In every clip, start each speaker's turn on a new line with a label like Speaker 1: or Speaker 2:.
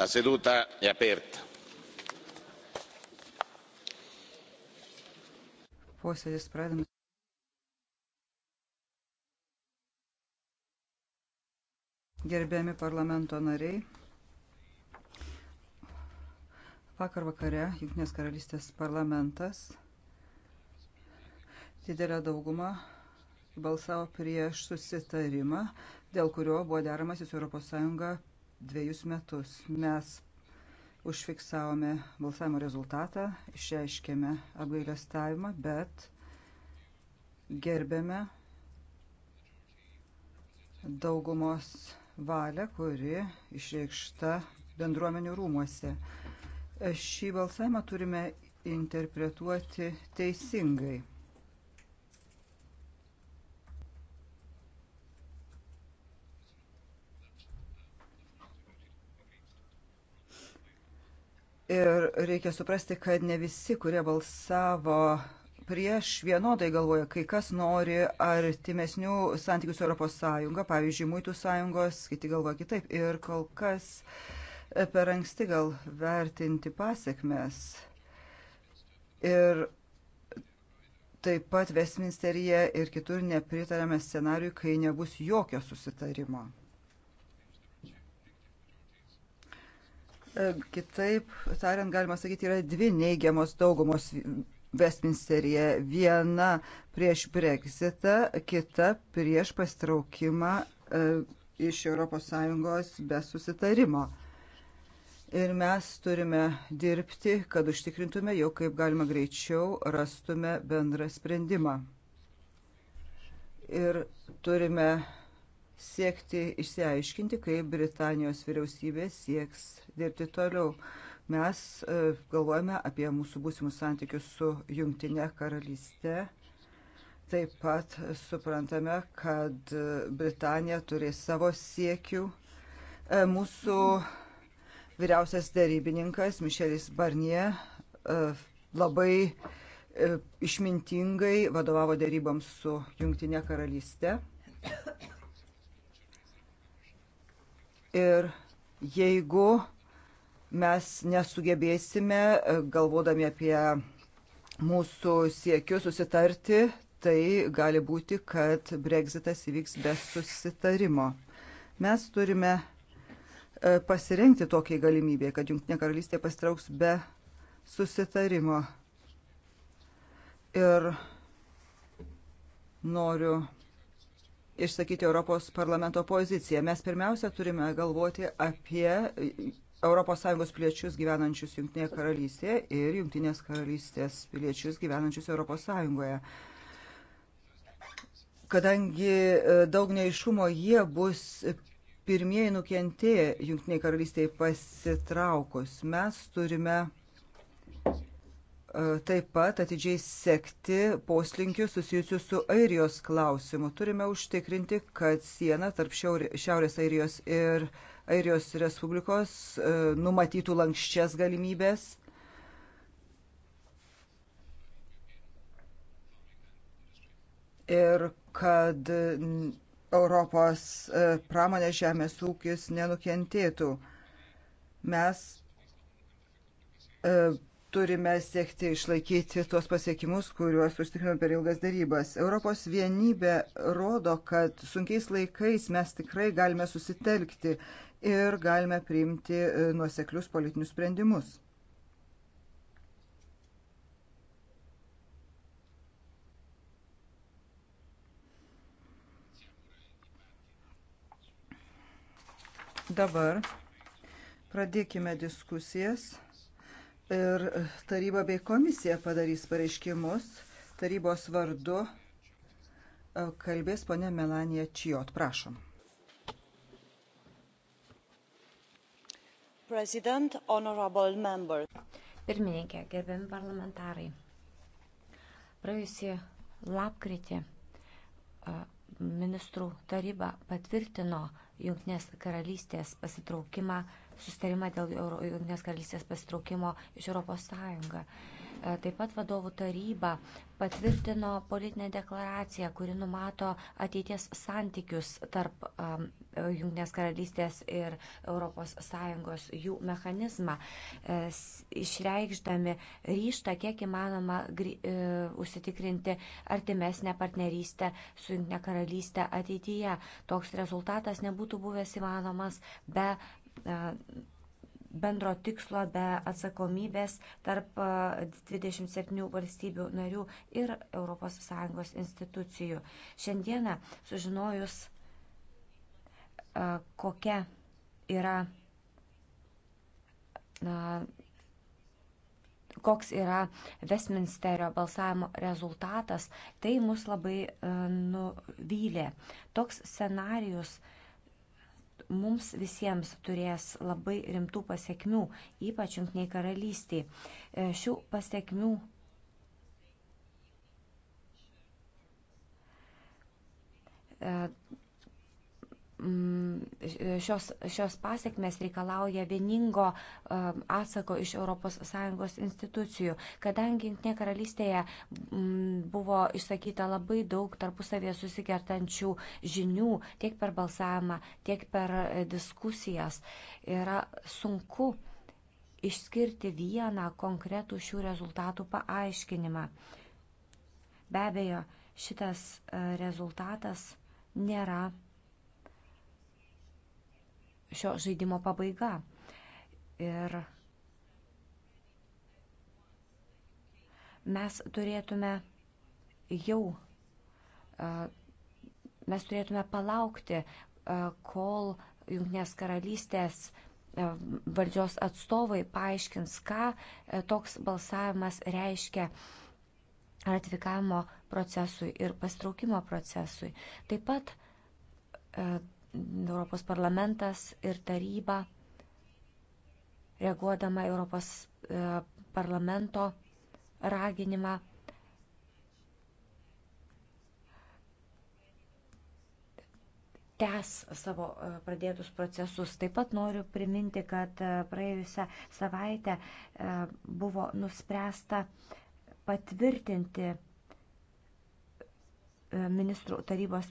Speaker 1: la seduta è aperta
Speaker 2: posėdis pradedamas gerbiami parlamento nariai vakar vakare jungtinės karalystės parlamentas didelę daugumą balsavo prieš susitarimą dėl kurio buvo deramasi su europos sąjunga dviejus metus. Mes užfiksavome balsavimo rezultatą, išreiškėme apgailestavimą, bet gerbėme daugumos valią, kuri išreikšta bendruomenių rūmuose. Šį balsavimą turime interpretuoti teisingai. Ir reikia suprasti, kad ne visi, kurie balsavo prieš vienodai galvoja, kai kas nori artimesnių santykių su Europos Sąjunga, pavyzdžiui, Muitų Sąjungos, kiti galvoja kitaip. Ir kol kas e, per anksti gal vertinti pasiekmes. Ir taip pat Vesminsterija ir kitur nepritarėme scenariui, kai nebus jokio susitarimo. E, kitaip tariant, galima sakyti, yra dvi neigiamos daugumos Westminsteryje. Viena prieš Brexitą, kita prieš pastraukimą e, iš ES be susitarimo. Ir mes turime dirbti, kad užtikrintume jau kaip galima greičiau rastume bendrą sprendimą. Ir turime siekti išsiaiškinti, kaip Britanijos vyriausybė sieks dirbti toliau. Mes e, galvojame apie mūsų būsimus santykius su Jungtinė karalystė. Taip pat suprantame, kad e, Britanija turės savo siekių. E, mūsų vyriausias darybininkas Mišelis Barnie labai išmintingai vadovavo daryboms su Jungtinė karalystė. Ir jeigu mes nesugebėsime, e, galvodami apie mūsų siekius susitarti, tai gali būti, kad Brexitas įvyks be susitarimo. Mes turime e, pasirengti tokiai galimybė, kad Junktinė karalystė pasitrauks be susitarimo. Ir noriu išsakyti Europos parlamento poziciją. Mes pirmiausia turime galvoti apie ES piliečius gyvenančius Junktinėje karalystėje ir Junktinės karalystės piliečius gyvenančius ES. Kadangi e, daug neišumo jie bus pirmieji nukentėję Junktiniai karalystėje pasitraukus, mes turime E, taip pat atidžiai sekti poslinkius susijusius su Airijos klausimu. Turime užtikrinti, kad siena tarp Šiaurės Airijos ir Airijos Respublikos e, numatytų lankščias galimybės. Ir kad Europos e, pramonės žemės ūkis nenukentėtų. Mes turime siekti išlaikyti tuos pasiekimus, kuriuos užtikrinome per ilgas darybas. Europos vienybė rodo, kad sunkiais laikais mes tikrai galime susitelkti ir galime priimti e, nuoseklius politinius sprendimus. Dabar pradėkime diskusijas ir taryba bei komisija padarys pareiškimus tarybos vardu. E, kalbės ponė Melanija Čijot, prašom.
Speaker 3: President, honorable member. Pirmininkė, gerbiami parlamentarai. Praėjusį lapkritį e, ministrų taryba patvirtino Junktinės karalystės pasitraukimą sustarimą dėl Junktinės karalystės pasitraukimo iš ES. E, taip pat vadovų taryba patvirtino politinę deklaraciją, kuri numato ateities santykius tarp um, e, Junktinės karalystės ir ES jų mechanizmą, e, išreikšdami ryštą, kiek įmanoma gri, e, užsitikrinti artimesnę partnerystę su Junktinė karalystė ateityje. Toks rezultatas nebūtų buvęs įmanomas be E, bendro tikslo be atsakomybės tarp 27 e, valstybių narių ir ES institucijų. Šiandieną sužinojus, e, kokia yra, koks yra Westminsterio balsavimo rezultatas, tai mus labai nuvylė. Toks scenarius mums visiems turės labai rimtų pasiekmių, ypač jungtiniai karalystiai. E, šių pasiekmių e, Mm, šios, šios pasiekmes reikalauja vieningo e, atsako iš ES institucijų. Kadangi Junktinė karalystėje mm, buvo išsakyta labai daug tarpusavėje susikertančių žinių tiek per balsavimą, tiek per e, diskusijas, yra sunku išskirti vieną konkretų šių rezultatų paaiškinimą. Be abejo, šitas e, rezultatas nėra šio žaidimo pabaiga. Ir mes turėtume jau, mes turėtume palaukti, kol Junknės karalystės valdžios atstovai paaiškins, ką toks balsavimas reiškia ratifikavimo procesui ir pastraukimo procesui. Taip pat Europos parlamentas ir taryba, reaguodama Europos e, parlamento raginimą, tęs savo e, pradėtus procesus. Taip pat noriu priminti, kad e, praėjusią savaitę buvo nuspręsta patvirtinti ministrų tarybos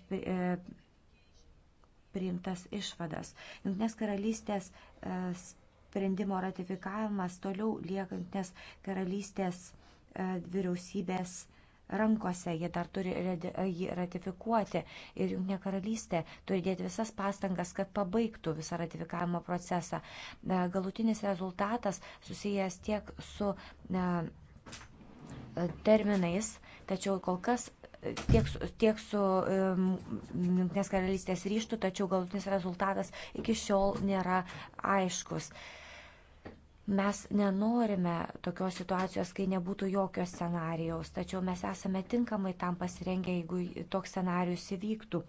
Speaker 3: priimtas išvadas. Junktinės karalystės e, sprendimo ratifikavimas toliau lieka Junktinės karalystės e, vyriausybės rankose, jie dar turi jį ratifikuoti ir Junktinė karalystė turi dėti visas pastangas, kad pabaigtų visą ratifikavimo procesą. E, galutinis rezultatas susijęs tiek su terminais, tačiau kol kas tiek, tiek su Junktinės um, karalystės ryštu, tačiau galutinis rezultatas iki šiol nėra aiškus. Mes nenorime tokios situacijos, kai nebūtų jokio scenarijaus, tačiau mes esame tinkamai tam pasirengę, jeigu toks scenarius įvyktų.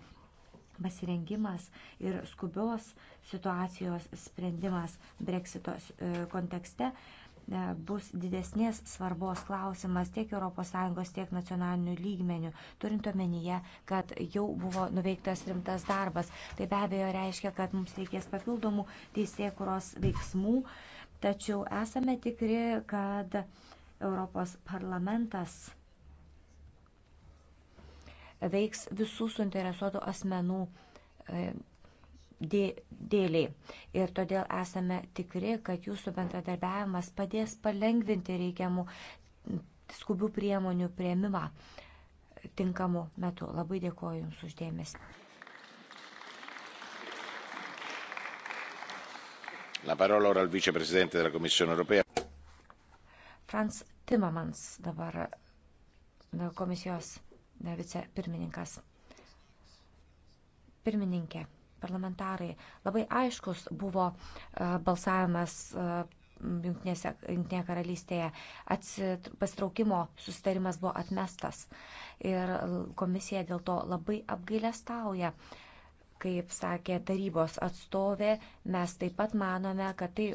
Speaker 3: Pasirengimas ir skubios situacijos sprendimas breksito e, kontekste uh, E, bus didesnės svarbos klausimas tiek ES, tiek nacionalinių lygmenių, turint omenyje, kad jau buvo nuveiktas rimtas darbas. Tai be abejo reiškia, kad mums reikės papildomų teisėkuros veiksmų, tačiau esame tikri, kad Europos parlamentas veiks visų suinteresuotų asmenų e, dėliai. Ir todėl esame tikri, kad jūsų bendradarbiavimas padės palengvinti reikiamų skubių priemonių prieimimą tinkamu metu. Labai dėkoju Jums uždėmesi.
Speaker 1: La parola ora al vicepresidente della Commissione europea.
Speaker 3: Franz Timmermans dabar komisijos vicepirmininkas. Pirmininkė parlamentarai. Labai aiškus buvo e, balsavimas e, Junktinėje karalystėje atsit, pasitraukimo sustarimas buvo atmestas ir komisija dėl to labai apgailestauja. stauja Kaip sakė tarybos atstovė, mes taip pat manome, kad tai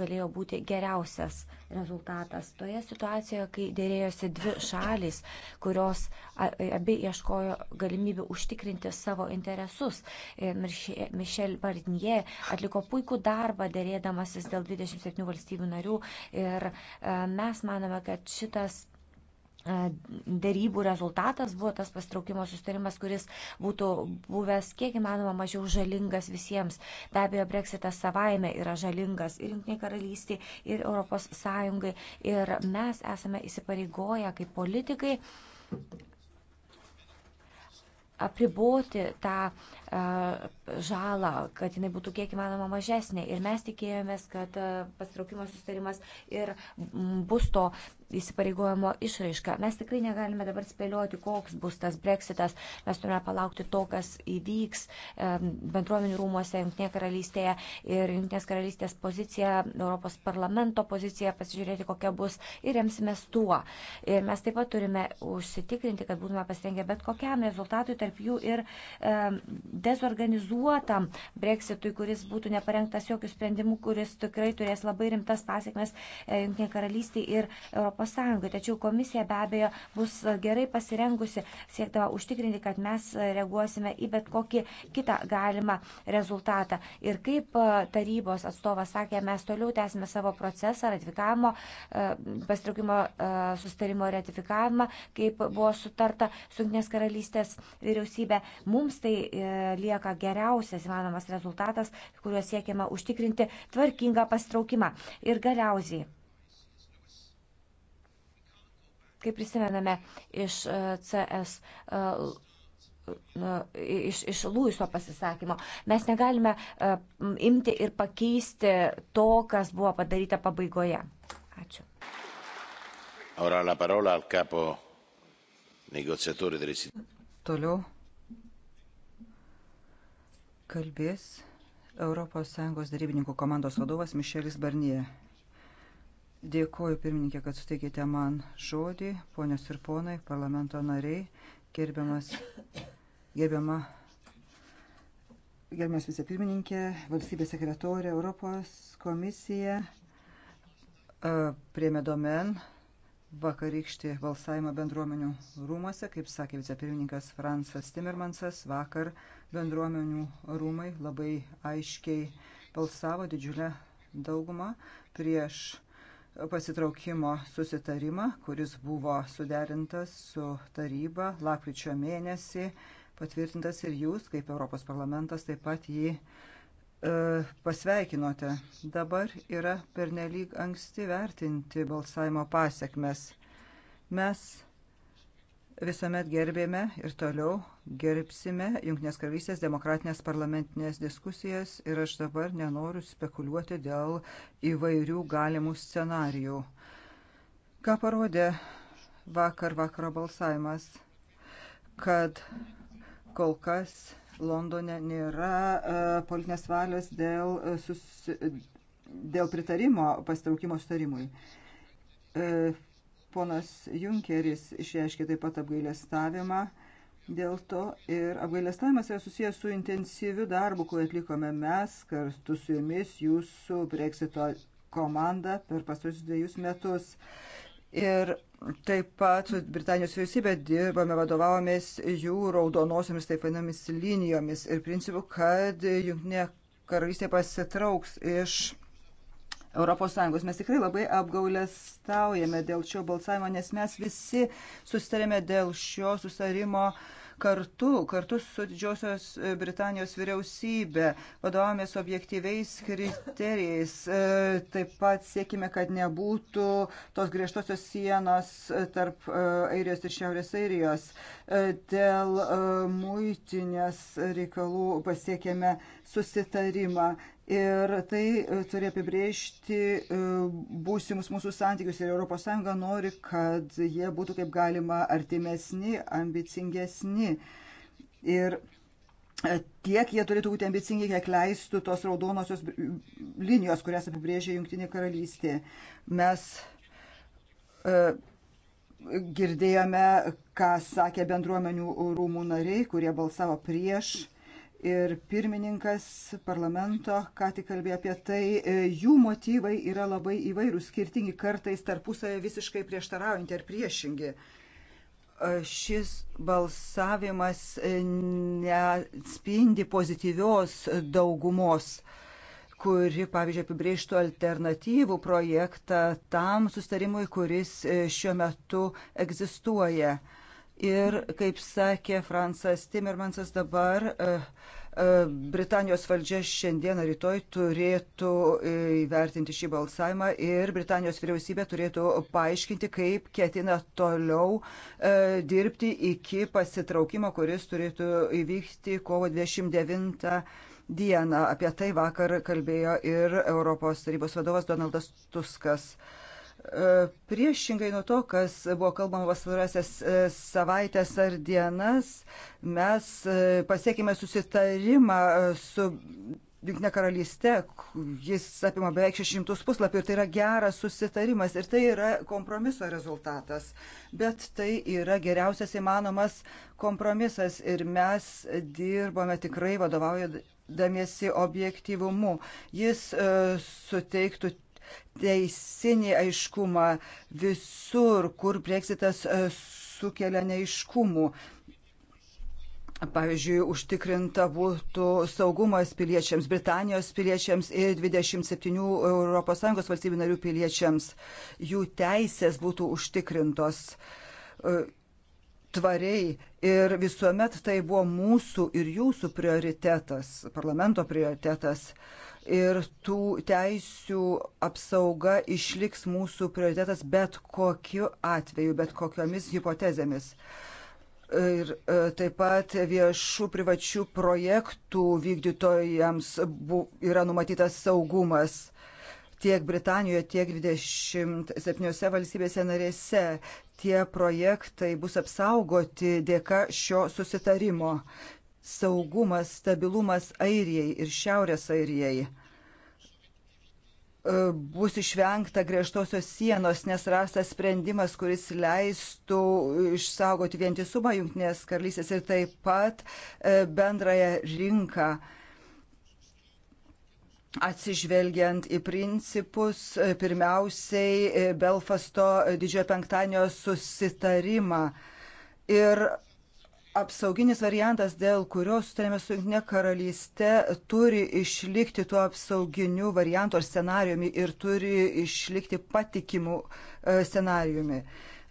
Speaker 3: galėjo būti geriausias rezultatas. Toje situacijoje, kai dėrėjosi dvi šalis, kurios abi ieškojo galimybių užtikrinti savo interesus. E, Mišel Barnier atliko puikų darbą dėrėdamasis dėl 27 valstybių narių ir e, mes manome, kad šitas E, dėrybų rezultatas buvo tas pastraukimo sustarimas, kuris būtų buvęs kiek įmanoma mažiau žalingas visiems. Be abejo, breksitas savaime yra žalingas ir Junktiniai karalystiai, ir Europos Sąjungai. Ir mes esame įsipareigoję kaip politikai apriboti tą E, žalą, kad jinai būtų kiek įmanoma mažesnė. Ir mes tikėjomės, kad e, pasitraukimo sustarimas ir bus to įsipareigojimo išraiška. Mes tikrai negalime dabar spėlioti, koks bus tas breksitas. Mes turime palaukti to, kas įvyks e, bendruomenių rūmose, Junktinėje karalystėje ir Junktinės karalystės pozicija, Europos parlamento pozicija, pasižiūrėti, kokia bus ir remsimės tuo. Ir mes taip pat turime užsitikrinti, kad būtume pasirengę bet kokiam rezultatui, tarp jų ir e, dezorganizuotam breksitui, kuris būtų neparengtas jokių sprendimų, kuris tikrai turės labai rimtas pasiekmes e, Junktinė karalystė ir ES. Tačiau komisija be abejo bus gerai pasirengusi, siekdama užtikrinti, kad mes reaguosime į bet kokį kitą galimą rezultatą. Ir kaip e, tarybos atstovas sakė, mes toliau tęsime savo procesą ratifikavimo, e, pastraukimo sustarimo ratifikavimą, kaip buvo sutarta su Junktinės karalystės vyriausybė. Mums tai lieka geriausias įmanomas rezultatas, kuriuo siekiama užtikrinti tvarkingą pastraukimą. Ir galiausiai, kaip prisimename iš e, CS e, e, iš, iš Lūiso pasisakymo. Mes negalime uh, imti ir pakeisti to, kas buvo padaryta pabaigoje. Ačiū.
Speaker 1: Ora la parola al capo negoziatore delle
Speaker 3: Toliau
Speaker 2: kalbės ES darybininkų komandos vadovas Mišelis Barnie. Dėkoju pirmininkė, kad suteikėte man žodį, ponios ir ponai, parlamento nariai, gerbiamas, gerbiama, gerbiamas vicepirmininkė, valstybės sekretorė, Europos komisija, priemė domen vakarykštį balsavimą bendruomenių rūmose. Kaip sakė vicepirmininkas Fransas Timmermansas, vakar bendruomenių rūmai labai aiškiai balsavo didžiulę daugumą prieš pasitraukimo susitarimą, kuris buvo suderintas su taryba lapkričio mėnesį, patvirtintas ir jūs, kaip Europos parlamentas, taip pat jį E, pasveikinote. Dabar yra pernelyg anksti vertinti balsavimo pasiekmes. Mes visuomet gerbėme ir toliau gerbsime Junktinės karalystės demokratinės parlamentinės diskusijas ir aš dabar nenoriu spekuliuoti dėl įvairių galimų scenarijų. Ką parodė vakar vakaro balsavimas, kad kol kas Londone nėra e, politinės valios dėl, e, sus, dėl pritarimo pastraukimo sutarimui. E, ponas Junkeris išreiškė taip pat apgailestavimą dėl to ir apgailestavimas yra susijęs su intensyviu darbu, kurį atlikome mes kartu su jumis, jūsų Brexito komanda per pastarusius dviejus metus. Ir Taip pat su Britanijos vyriausybė dirbame vadovavomės jų raudonosiamis taip vadinamis linijomis ir principu, kad jungtinė karalystė pasitrauks iš ES. Mes tikrai labai apgaulėstaujame dėl šio balsavimo, nes mes visi sustarėme dėl šio sustarimo uh, kartu, kartu su Didžiosios Britanijos vyriausybė, vadovomės objektyviais kriterijais. E, taip pat siekime, kad nebūtų tos griežtosios sienos tarp e, Airijos ir Šiaurės Airijos. E, dėl muitinės reikalų pasiekėme susitarimą. Ir tai e, turi apibriežti e, būsimus mūsų santykius ir ES nori, kad jie būtų kaip galima artimesni, ambicingesni. Ir e, tiek jie turėtų būti ambicingi, kiek leistų tos raudonosios linijos, kurias apibrėžė Junktinė karalystė. Mes girdėjome, ką sakė bendruomenių rūmų nariai, kurie balsavo prieš ir pirmininkas parlamento, ką tik kalbėjo apie tai, e, jų motyvai yra labai įvairūs, skirtingi kartais tarpusavę visiškai prieštaraujantį ar priešingi. E, šis balsavimas e, neatspindi pozityvios daugumos kuri, pavyzdžiui, apibrėžtų alternatyvų projektą tam sustarimui, kuris šiuo metu egzistuoja. Ir, kaip sakė Fransas Timmermansas, dabar e, e, Britanijos valdžia šiandieną rytoj turėtų e, įvertinti šį balsavimą ir Britanijos vyriausybė turėtų paaiškinti, kaip ketina toliau dirbti iki pasitraukimo, kuris turėtų įvykti kovo 29 dieną. Apie tai vakar kalbėjo ir Europos tarybos vadovas Donaldas Tuskas. E, priešingai nuo to, kas buvo kalbama vasarasias e, savaitės ar dienas, mes e, pasiekime susitarimą su Junktinė karalystė, jis apima beveik 600 puslapių ir tai yra geras susitarimas ir tai yra kompromiso rezultatas. Bet tai yra geriausias įmanomas kompromisas ir mes dirbame tikrai vadovaujant damiesi objektyvumu. Jis e, suteiktų teisinį aiškumą visur, kur breksitas e, sukelia neiškumų. Pavyzdžiui, užtikrinta būtų saugumas piliečiams, Britanijos piliečiams ir 27 ES valstybių narių piliečiams. Jų teisės būtų užtikrintos e, tvariai ir visuomet tai buvo mūsų ir jūsų prioritetas, parlamento prioritetas. Uh, ir tų teisių apsauga išliks mūsų prioritetas bet kokiu atveju, bet kokiomis hipotezėmis. Ir e, taip pat viešų privačių projektų vykdytojams yra numatytas saugumas tiek Britanijoje, tiek 27 valstybėse narėse. Tie projektai bus apsaugoti dėka šio susitarimo saugumas, stabilumas Airijai ir Šiaurės Airijai e, bus išvengta griežtosios sienos, nes rastas sprendimas, kuris leistų išsaugoti vientisumą Junktinės karalystės ir taip pat e, bendrąją rinką, atsižvelgiant į principus, e, pirmiausiai Belfasto didžiojo penktadienio susitarimą. Ir apsauginis variantas, dėl kurio sutarėme su Junktinė karalystė, turi išlikti tuo apsauginiu variantu ar scenariumi ir turi išlikti patikimu e, scenariumi.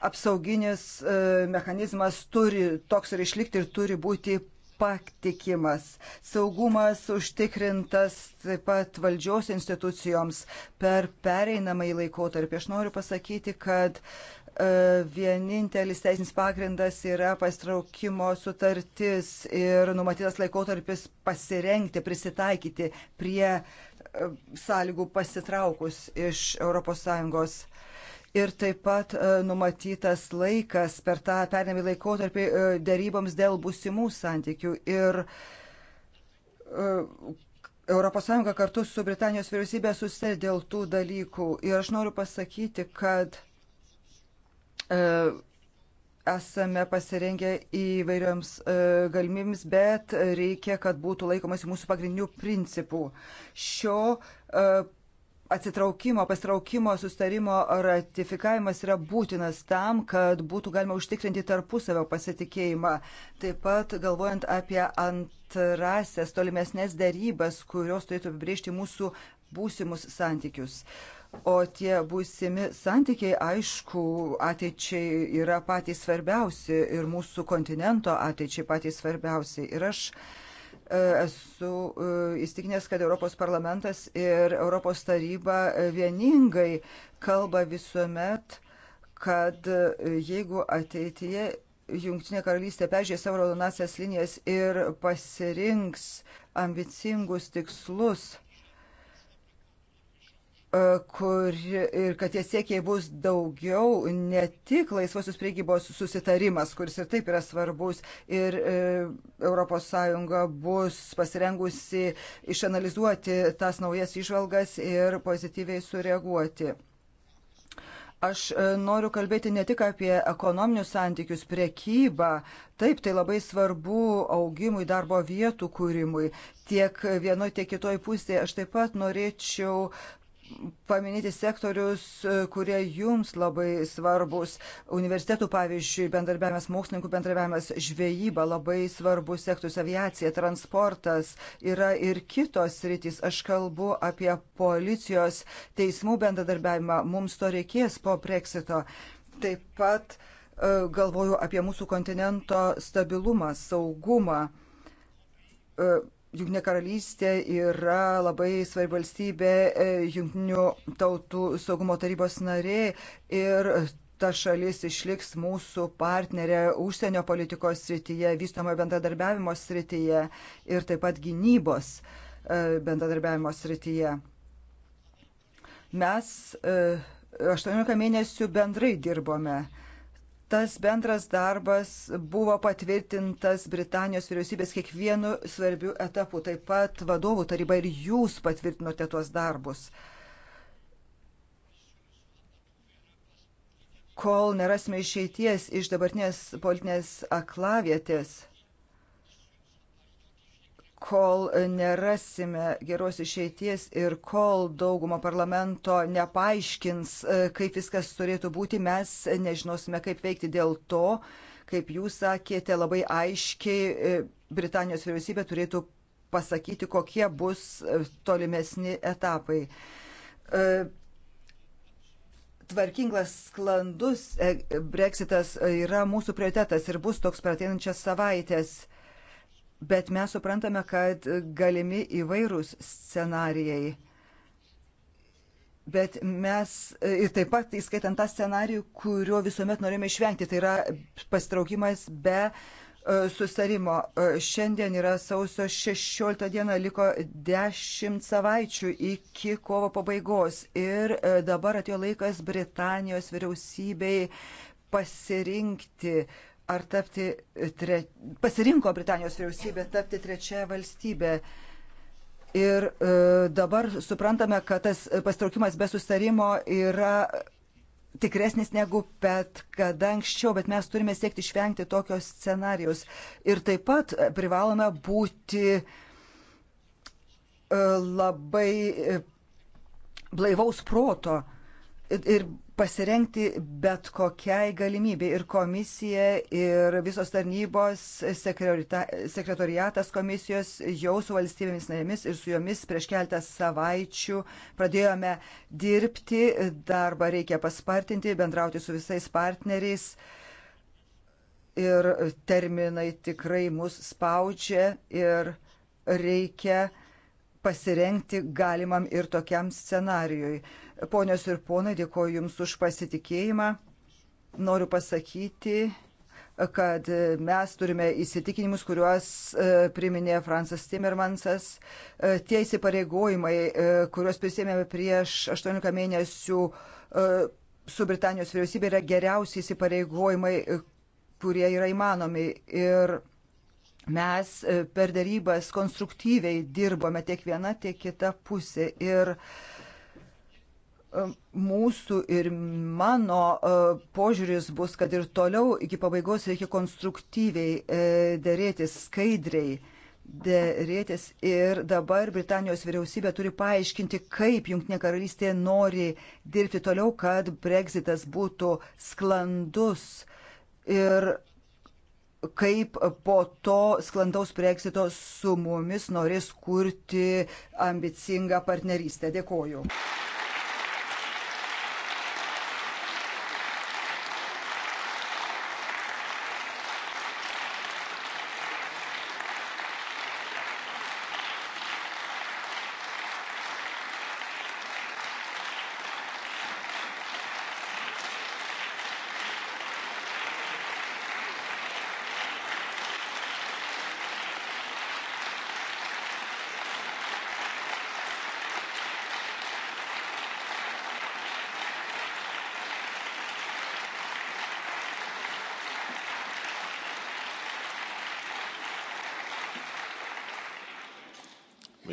Speaker 2: Apsauginis e, mechanizmas turi toks ir išlikti ir turi būti patikimas. Saugumas užtikrintas taip pat valdžios institucijoms per pereinamąjį laikotarpį. Aš noriu pasakyti, kad uh, E, vienintelis teisinis pagrindas yra pastraukimo sutartis ir numatytas laikotarpis pasirengti, prisitaikyti prie e, sąlygų pasitraukus iš ES. Ir taip pat e, numatytas laikas per tą pernėmį laikotarpį dėryboms dėl būsimų santykių. Ir ES kartu su Britanijos vyriausybė susitė dėl tų dalykų. Ir aš noriu pasakyti, kad E, esame pasirengę įvairioms e, galimybėms, bet reikia, kad būtų laikomasi mūsų pagrindinių principų. Šio e, atsitraukimo, pastraukimo sustarimo ratifikavimas yra būtinas tam, kad būtų galima užtikrinti tarpusavio pasitikėjimą. Taip pat galvojant apie antrasias tolimesnės darybas, kurios turėtų apibriežti mūsų būsimus santykius. Uh, O tie būsimi santykiai, aišku, ateičiai yra patys svarbiausi ir mūsų kontinento ateičiai patys svarbiausi. Ir aš e, esu e, įstikinęs, kad Europos parlamentas ir Europos taryba vieningai kalba visuomet, kad e, jeigu ateityje Junktinė karalystė peržiūrės savo raudonasias linijas ir pasirinks ambicingus tikslus, E, kur, ir kad tie siekiai bus daugiau ne tik laisvosios priegybos susitarimas, kuris ir taip yra svarbus, ir ES bus pasirengusi išanalizuoti tas naujas išvalgas ir pozityviai sureaguoti. Aš e, noriu kalbėti ne tik apie ekonominius santykius, priekybą. Taip, tai labai svarbu augimui, darbo vietų kūrimui. Tiek vienoje, tiek kitoje pusėje aš taip pat norėčiau paminėti sektorius, e, kurie jums labai svarbus. Universitetų, pavyzdžiui, bendarbiavimas mokslininkų, bendarbiavimas žvejyba labai svarbus sektorius, aviacija, transportas yra ir kitos rytis. Aš kalbu apie policijos teismų bendradarbiavimą. Mums to reikės po Brexito. Taip pat e, galvoju apie mūsų kontinento stabilumą, saugumą e, Junktinė karalystė yra labai svarbi valstybė, e, Junktinių tautų saugumo tarybos narė ir ta šalis išliks mūsų partnerė užsienio politikos srityje, vystomo bendradarbiavimo srityje ir taip pat gynybos e, bendradarbiavimo srityje. Mes 18 e, mėnesių bendrai dirbome tas bendras darbas buvo patvirtintas Britanijos vyriausybės kiekvienu svarbiu etapu. Taip pat vadovų taryba ir jūs patvirtinote tuos darbus. Kol nerasime išeities iš dabartinės politinės aklavietės, kol nerasime geros išeities ir kol dauguma parlamento nepaaiškins, e, kaip viskas turėtų būti, mes nežinosime, kaip veikti dėl to, kaip jūs sakėte, labai aiškiai e, Britanijos vyriausybė turėtų pasakyti, kokie bus e, tolimesni etapai. Tvarkingas, sklandus Brexitas yra mūsų prioritetas ir bus toks per ateinančias savaitės. Bet mes suprantame, kad galimi įvairūs scenarijai. Bet mes ir taip pat įskaitant tą scenarijų, kurio visuomet norime išvengti, tai yra pastraukimas be e, sustarimo. E, šiandien yra sausio 16 diena, liko 10 savaičių iki kovo pabaigos ir e, dabar atėjo laikas Britanijos vyriausybei pasirinkti, ar tapti, tre, pasirinko Britanijos vyriausybė tapti trečiaja valstybė. Ir e, dabar suprantame, kad tas pastraukimas be sustarimo yra tikresnis negu bet kada anksčiau, bet mes turime siekti išvengti tokios scenarius. Ir taip pat privalome būti e, labai e, blaivaus proto ir pasirengti bet kokiai galimybė. Ir komisija, ir visos tarnybos, sekretariatas komisijos jau su valstybėmis narėmis ir su jomis prieš keltą savaičių pradėjome dirbti. Darbą reikia paspartinti, bendrauti su visais partneriais. Ir terminai tikrai mus spaudžia ir reikia uh, pasirengti galimam ir tokiam scenarijui. Ponios ir ponai, dėkoju Jums už pasitikėjimą. Noriu pasakyti, kad mes turime įsitikinimus, kuriuos e, priminė Fransas Timmermansas. E, tie įsipareigojimai, e, kuriuos prisėmėme prieš 18 mėnesių su Britanijos vyriausybė, yra geriausi įsipareigojimai, kurie yra įmanomi. Ir Mes e, per darybas konstruktyviai dirbome tiek viena, tiek kita pusė. Ir e, mūsų ir mano e, požiūris bus, kad ir toliau iki pabaigos reikia konstruktyviai dėrėtis skaidriai dėrėtis ir dabar Britanijos vyriausybė turi paaiškinti, kaip Junktinė karalystė nori dirbti toliau, kad Brexitas būtų sklandus ir kaip po to sklandaus breksito su mumis norės kurti ambicingą partnerystę. Dėkoju.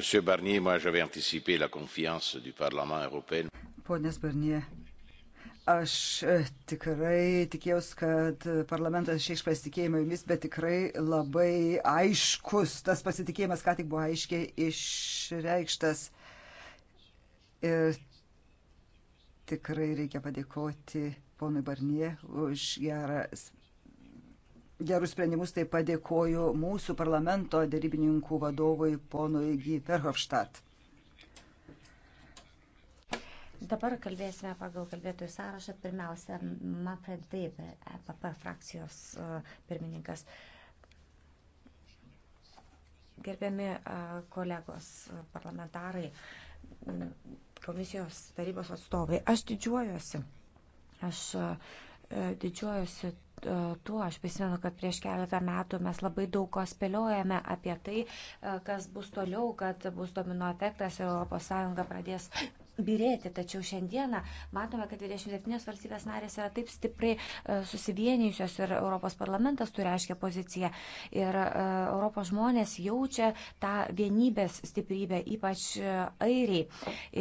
Speaker 1: Monsieur Barnier, moi j'avais anticipé la confiance du Parlement européen.
Speaker 2: Ponas Barnier, Aš e, tikrai tikėjausi, kad parlamentas šiek tiek pasitikėjimo jumis, bet tikrai labai aiškus tas pasitikėjimas, ką tik buvo aiškiai išreikštas. Ir e, tikrai reikia padėkoti ponui Barnie už gerą gerus sprendimus taip pat dėkoju mūsų parlamento darybininkų vadovui ponui G. Verhofstadt.
Speaker 3: Dabar kalbėsime pagal kalbėtojų sąrašą. Pirmiausia, Manfred Weber, EPP frakcijos e, pirmininkas. Gerbiami e, kolegos e, parlamentarai, komisijos tarybos atstovai, aš didžiuojuosi. Aš didžiuojuosi metu, aš prisimenu, kad prieš keletą metų mes labai daug ko spėliojame apie tai, e, kas bus toliau, kad bus domino efektas ir ES pradės birėti, tačiau šiandieną matome, kad 27 valstybės narės yra taip stipriai e, susivienijusios ir Europos parlamentas turi aiškę poziciją. Ir e, Europos žmonės jaučia tą vienybės stiprybę, ypač e, airiai.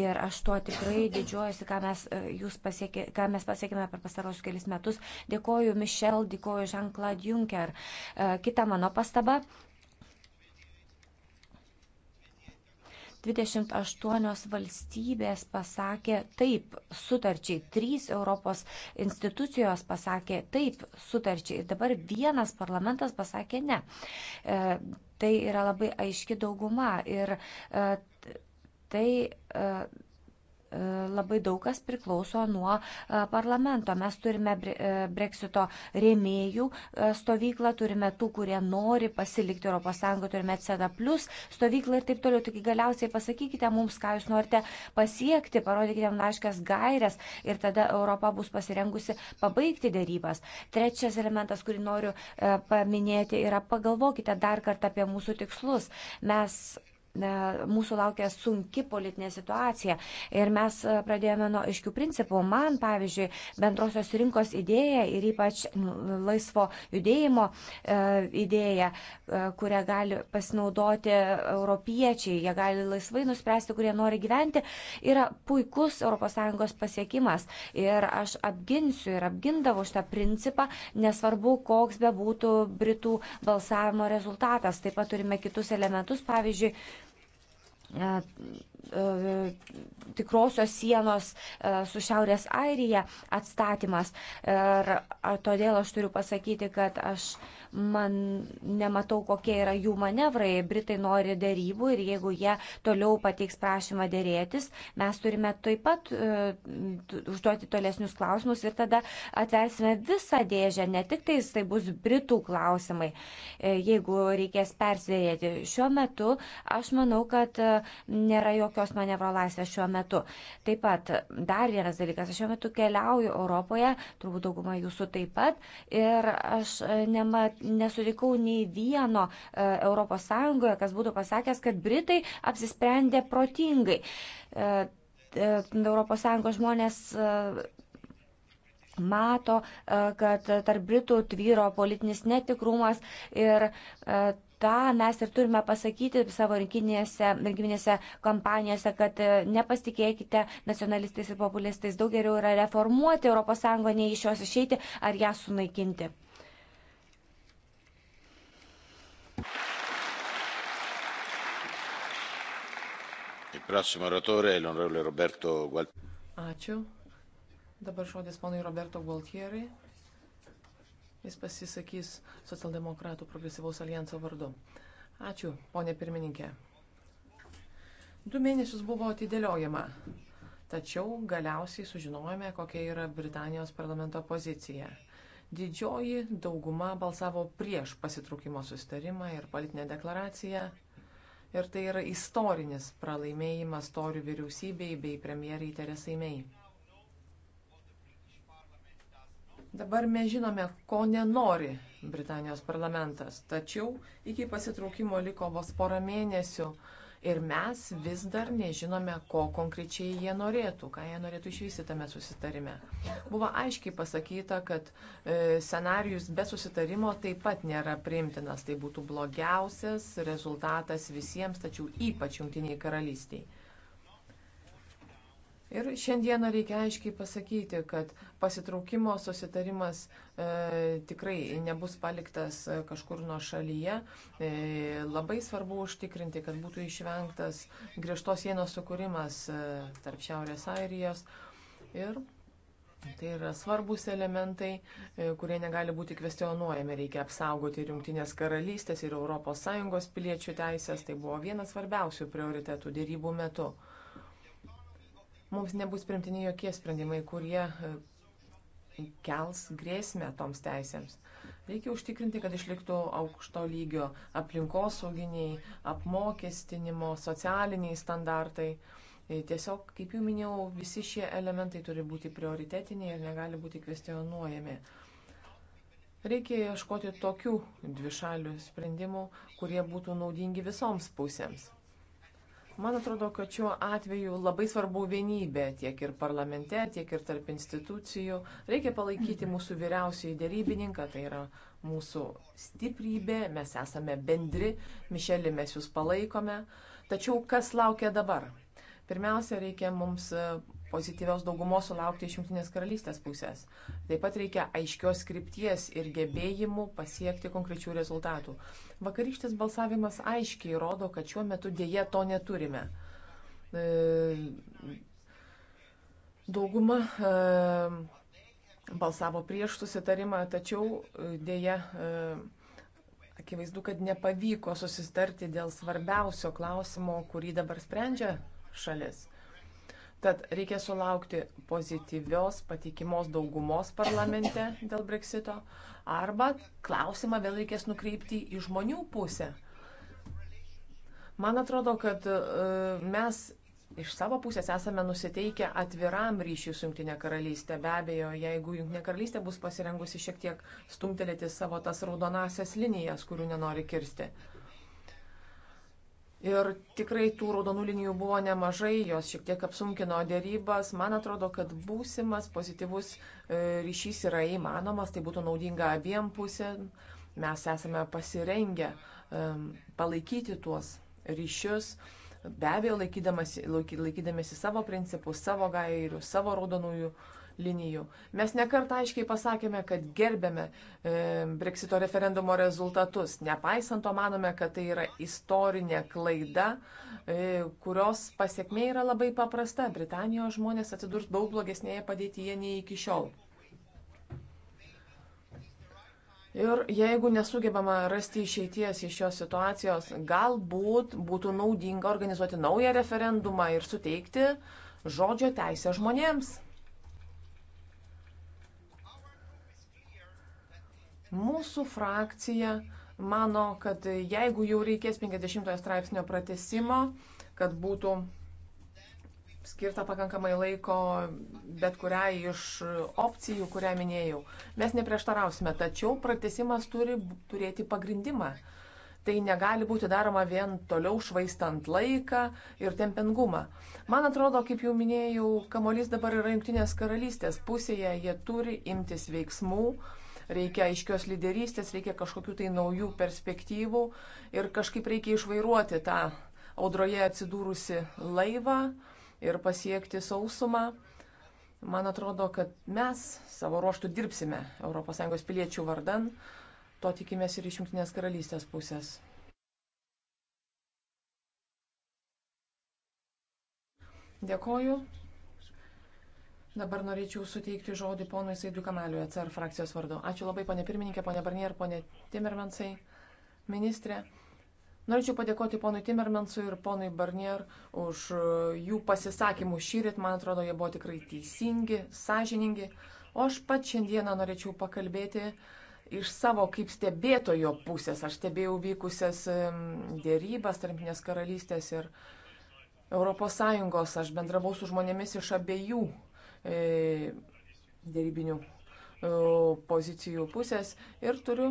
Speaker 3: Ir aš tuo tikrai didžiuojuosi, ką mes, pasiekė, ką mes pasiekėme per pastarosius kelis metus. Dėkoju Michel, dėkoju Jean-Claude Juncker. Kita mano pastaba. 28 valstybės pasakė taip sutarčiai, 3 Europos institucijos pasakė taip sutarčiai ir dabar vienas parlamentas pasakė ne. E, tai yra labai aiški dauguma ir e, tai e, E, labai daug kas priklauso nuo e, parlamento. Mes turime breksito e, rėmėjų stovyklą, turime tų, kurie nori pasilikti ES, turime CEDA plus stovyklą ir taip toliau. Tik galiausiai pasakykite mums, ką jūs norite pasiekti, parodykite mums aiškias gairias ir tada Europa bus pasirengusi pabaigti dėrybas. Trečias elementas, kurį noriu paminėti, yra pagalvokite dar kartą apie mūsų tikslus. Mes mūsų laukia sunki politinė situacija. Ir mes e, pradėjome nuo iškių principų. Man, pavyzdžiui, bendrosios rinkos idėja ir ypač nu, laisvo judėjimo e, idėja, e, kurią gali pasinaudoti europiečiai, jie gali laisvai nuspręsti, kurie nori gyventi, yra puikus ES pasiekimas. Ir aš apginsiu ir apgindavau šitą principą, nesvarbu, koks be būtų Britų balsavimo rezultatas. Taip pat turime kitus elementus, pavyzdžiui, E, e, tikrosios sienos e, su Šiaurės Airija atstatymas. Ir todėl aš turiu pasakyti, kad aš man nematau, kokie yra jų manevrai. Britai nori dėrybų ir jeigu jie toliau pateiks prašymą dėrėtis, mes turime taip pat uh, užduoti tolesnius klausimus ir tada atversime visą dėžę, ne tik tais tai bus Britų klausimai, e, jeigu reikės persvėrėti. Šiuo metu aš manau, kad e, nėra jokios manevro laisvės šiuo metu. Taip pat dar vienas dalykas, aš šiuo metu keliauju Europoje, turbūt dauguma jūsų taip pat, ir aš nemat, nesurikau nei vieno ES, kas būtų pasakęs, kad Britai apsisprendė protingai. ES e, žmonės e, mato, e, kad tarp Britų tvyro politinis netikrumas ir tą mes ir turime pasakyti savo rinkiminėse kampanijose, kad nepasitikėkite nacionalistais ir populistais. Daug geriau yra reformuoti ES, nei iš jos išeiti ar ją sunaikinti.
Speaker 1: Ačiū.
Speaker 4: Dabar žodis ponui Roberto Gualtieriui. Jis pasisakys socialdemokratų progresyvaus alijanso vardu. Ačiū, ponė pirmininkė. Du mėnesius buvo atidėliojama, tačiau galiausiai sužinojome, kokia yra Britanijos parlamento pozicija. Didžioji dauguma balsavo prieš pasitraukimo sustarimą ir politinę deklaraciją ir tai yra istorinis pralaimėjimas torių vyriausybei bei premjerai Teresai Mei. Dabar mes žinome, ko nenori Britanijos parlamentas, tačiau iki pasitraukimo liko vos porą mėnesių. Uh, ir mes vis dar nežinome, ko konkrečiai jie norėtų, ką jie norėtų išvysti tame susitarime. Buvo aiškiai pasakyta, kad e, scenarius be susitarimo taip pat nėra primtinas, tai būtų blogiausias rezultatas visiems, tačiau ypač jungtiniai karalystiai. Ir šiandieną reikia aiškiai pasakyti, kad pasitraukimo susitarimas e, tikrai nebus paliktas e, kažkur nuo šalyje. E, labai svarbu užtikrinti, kad būtų išvengtas griežtos sienos sukūrimas e, tarp Šiaurės Airijos. Ir tai yra svarbus elementai, e, kurie negali būti kvestionuojami. Reikia apsaugoti ir Junktinės karalystės, ir ES piliečių teisės. Tai buvo vienas svarbiausių prioritetų dėrybų metu. Mums nebus primtini jokie sprendimai, kurie e, kels grėsmę toms teisėms. Reikia užtikrinti, kad išliktų aukšto lygio aplinkosauginiai, apmokestinimo, socialiniai standartai. E, tiesiog, kaip jau minėjau, visi šie elementai turi būti prioritetiniai ir negali būti kvestionuojami. Reikia ieškoti tokių dvišalių sprendimų, kurie būtų naudingi visoms pusėms. Man atrodo, kad šiuo atveju labai svarbu vienybė tiek ir parlamente, tiek ir tarp institucijų. Reikia palaikyti mūsų vyriausiai dėrybininką, tai yra mūsų stiprybė, mes esame bendri, Mišelį mes jūs palaikome. Tačiau kas laukia dabar? Pirmiausia, reikia mums pozityvios daugumos sulaukti iš Junktinės karalystės pusės. Taip pat reikia aiškios skripties ir gebėjimų pasiekti konkrečių rezultatų. Vakarykštis balsavimas aiškiai rodo, kad šiuo metu dėje to neturime. E, dauguma e, balsavo prieš susitarimą, tačiau e, dėja akivaizdu, kad nepavyko susitarti dėl svarbiausio klausimo, kurį dabar sprendžia šalis. Tad reikia sulaukti pozityvios patikimos daugumos parlamente dėl breksito arba klausimą vėl reikės nukreipti į žmonių pusę. Man atrodo, kad e, mes iš savo pusės esame nusiteikę atviram ryšiui su Junktinė karalystė. Be abejo, jeigu Junktinė karalystė bus pasirengusi šiek tiek stumtelėti savo tas raudonasias linijas, kurių nenori kirsti. Ir tikrai tų raudonų linijų buvo nemažai, jos šiek tiek apsunkino dėrybas. Man atrodo, kad būsimas pozityvus e, ryšys yra įmanomas, tai būtų naudinga abiem pusėm. Mes esame pasirengę e, palaikyti tuos ryšius, be abejo laikydamėsi savo principų, savo gairių, savo raudonųjų linijų. Mes nekart aiškiai pasakėme, kad gerbėme e, Brexito referendumo rezultatus. Nepaisant to, manome, kad tai yra istorinė klaida, e, kurios pasiekmė yra labai paprasta. Britanijos žmonės atsidurs daug blogesnėje padėtyje nei iki šiol. Ir jeigu nesugebama rasti išeities iš šios situacijos, galbūt būtų naudinga organizuoti naują referendumą ir suteikti žodžio teisę žmonėms. Mūsų frakcija mano, kad jeigu jau reikės 50 straipsnio pratesimo, kad būtų skirta pakankamai laiko bet kuriai iš opcijų, kurią minėjau, mes neprieštarausime, tačiau pratesimas turi turėti pagrindimą. Tai negali būti daroma vien toliau švaistant laiką ir tempingumą. Man atrodo, kaip jau minėjau, kamolys dabar yra Junktinės karalystės pusėje, jie turi imtis veiksmų, uh, reikia aiškios lyderystės, reikia kažkokių tai naujų perspektyvų ir kažkaip reikia išvairuoti tą audroje atsidūrusi laivą ir pasiekti sausumą. Man atrodo, kad mes savo ruoštų dirbsime ES piliečių vardan, to tikimės ir iš Junktinės karalystės pusės. Dėkoju. Dabar norėčiau suteikti žodį ponui Saidriu Kamaliui, ACR frakcijos vardu. Ačiū labai, ponė pirmininkė, ponė Barnier, ponė Timermansai, ministrė. Norėčiau padėkoti ponui Timermansui ir ponui Barnier už e, jų pasisakymus šyrit. Man atrodo, jie buvo tikrai teisingi, sąžiningi. O aš pat šiandieną norėčiau pakalbėti iš savo kaip stebėtojo pusės. Aš stebėjau vykusias dėrybas tarp Nes karalystės ir ES. Aš bendravau su žmonėmis iš abiejų E, dėrybinių e, pozicijų pusės ir turiu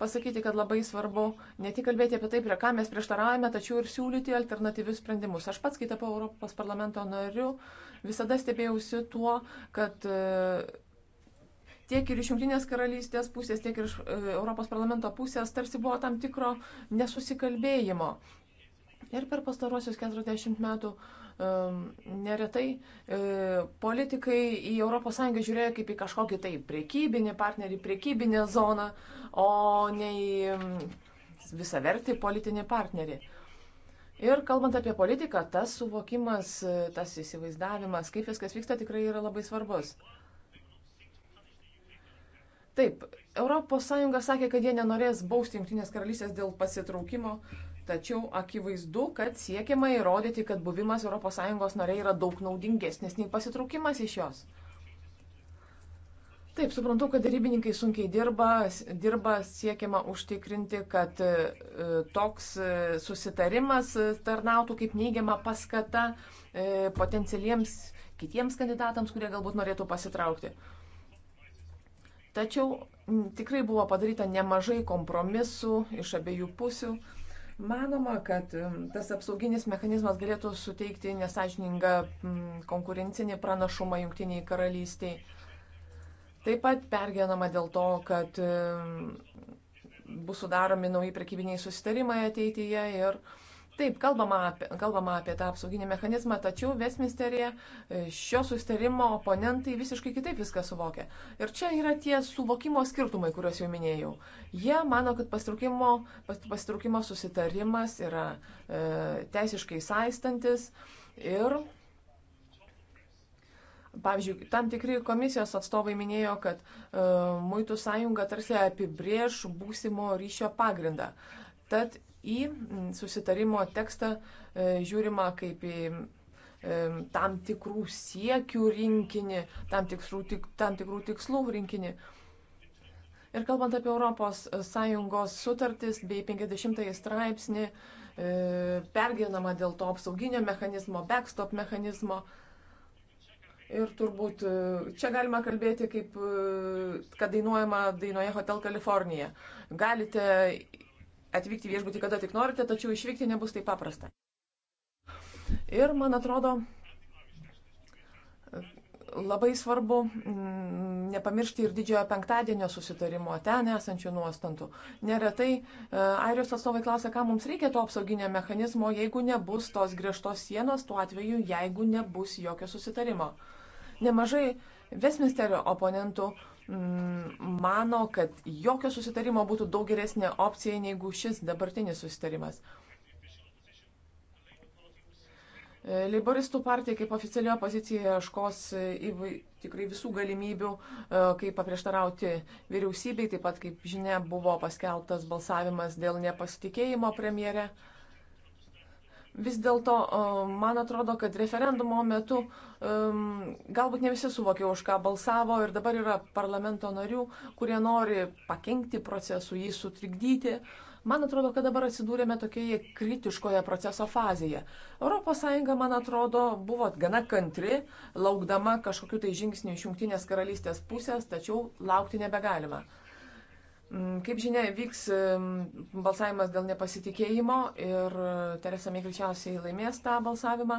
Speaker 4: pasakyti, kad labai svarbu ne tik kalbėti apie tai, prie ką mes prieštaravome, tačiau ir siūlyti alternatyvius sprendimus. Aš pats, kai tapau Europos parlamento nariu, visada stebėjausi tuo, kad e, tiek ir iš Junktinės karalystės pusės, tiek ir iš Europos parlamento pusės tarsi buvo tam tikro nesusikalbėjimo. Ir per pastaruosius 40 metų uh, neretai e, politikai į ES žiūrėjo kaip į kažkokį tai priekybinį partnerį, priekybinę zoną, o ne į visą vertį politinį partnerį. Ir kalbant apie politiką, tas suvokimas, e, tas įsivaizdavimas, kaip viskas vyksta, tikrai yra labai svarbus. Taip, ES sakė, kad jie nenorės bausti Junktinės karalystės dėl pasitraukimo Tačiau akivaizdu, kad siekiama įrodyti, kad buvimas ES nariai yra daug naudingesnis nei pasitraukimas iš jos. Taip, suprantu, kad darybininkai sunkiai dirba, dirba siekiama užtikrinti, kad e, toks e, susitarimas e, tarnautų kaip neigiama paskata potencialiems kitiems kandidatams, kurie galbūt norėtų pasitraukti. Tačiau tikrai buvo padaryta nemažai kompromisų iš abiejų pusių. Manoma, kad tas apsauginis mechanizmas galėtų suteikti nesažiningą konkurencinį pranašumą jungtiniai karalystiai. Taip pat pergenama dėl to, kad bus sudaromi nauji prekybiniai susitarimai ateityje ir uh, Taip, kalbama apie, kalbama apie tą apsauginį mechanizmą, tačiau Vesminsterėje e, šio sustarimo oponentai visiškai kitaip viską suvokia. Ir čia yra tie suvokimo skirtumai, kuriuos jau minėjau. Jie mano, kad pastraukimo, pastraukimo susitarimas yra e, teisiškai saistantis ir, pavyzdžiui, tam tikri komisijos atstovai minėjo, kad e, Muitų sąjunga tarsi apibrieš būsimo ryšio pagrindą. Tad į mm, susitarimo tekstą e, žiūrima kaip į e, tam tikrų siekių rinkinį, tam, tikrų, tik, tam tikrų tikslų rinkinį. Ir kalbant apie ES sutartis bei 50 straipsnį, e, pergyvenama dėl to apsauginio mechanizmo, backstop mechanizmo. Ir turbūt čia galima kalbėti kaip, kad dainuojama dainoje Hotel California. Galite atvykti viešbutį kada tik norite, tačiau išvykti nebus taip paprasta. Ir man atrodo, labai svarbu m, mm, nepamiršti ir didžiojo penktadienio susitarimo ten esančių nuostantų. Neretai e, airijos atstovai klausia, ką mums reikia to apsauginio mechanizmo, jeigu nebus tos griežtos sienos, tuo atveju, jeigu nebus jokio susitarimo. Nemažai Vesminsterio oponentų e, mano, kad jokio susitarimo būtų daug geresnė opcija negu šis dabartinis susitarimas. Leiboristų partija kaip oficiali opozicija ieškos tikrai visų galimybių, e, kaip paprieštarauti vyriausybei, taip pat kaip žinia buvo paskelbtas balsavimas dėl nepasitikėjimo premjere. Vis dėlto, man atrodo, kad referendumo metu um, galbūt ne visi suvokė, už ką balsavo ir dabar yra parlamento narių, kurie nori pakengti procesui, jį sutrikdyti. Man atrodo, kad dabar atsidūrėme tokioje kritiškoje proceso fazėje. ES, man atrodo, buvo gana kantri, laukdama kažkokių tai žingsnių iš Junktinės karalystės pusės, tačiau laukti nebegalima. Mm, kaip žinia, vyks mm, balsavimas dėl nepasitikėjimo ir e, Teresa Mei greičiausiai laimės tą balsavimą.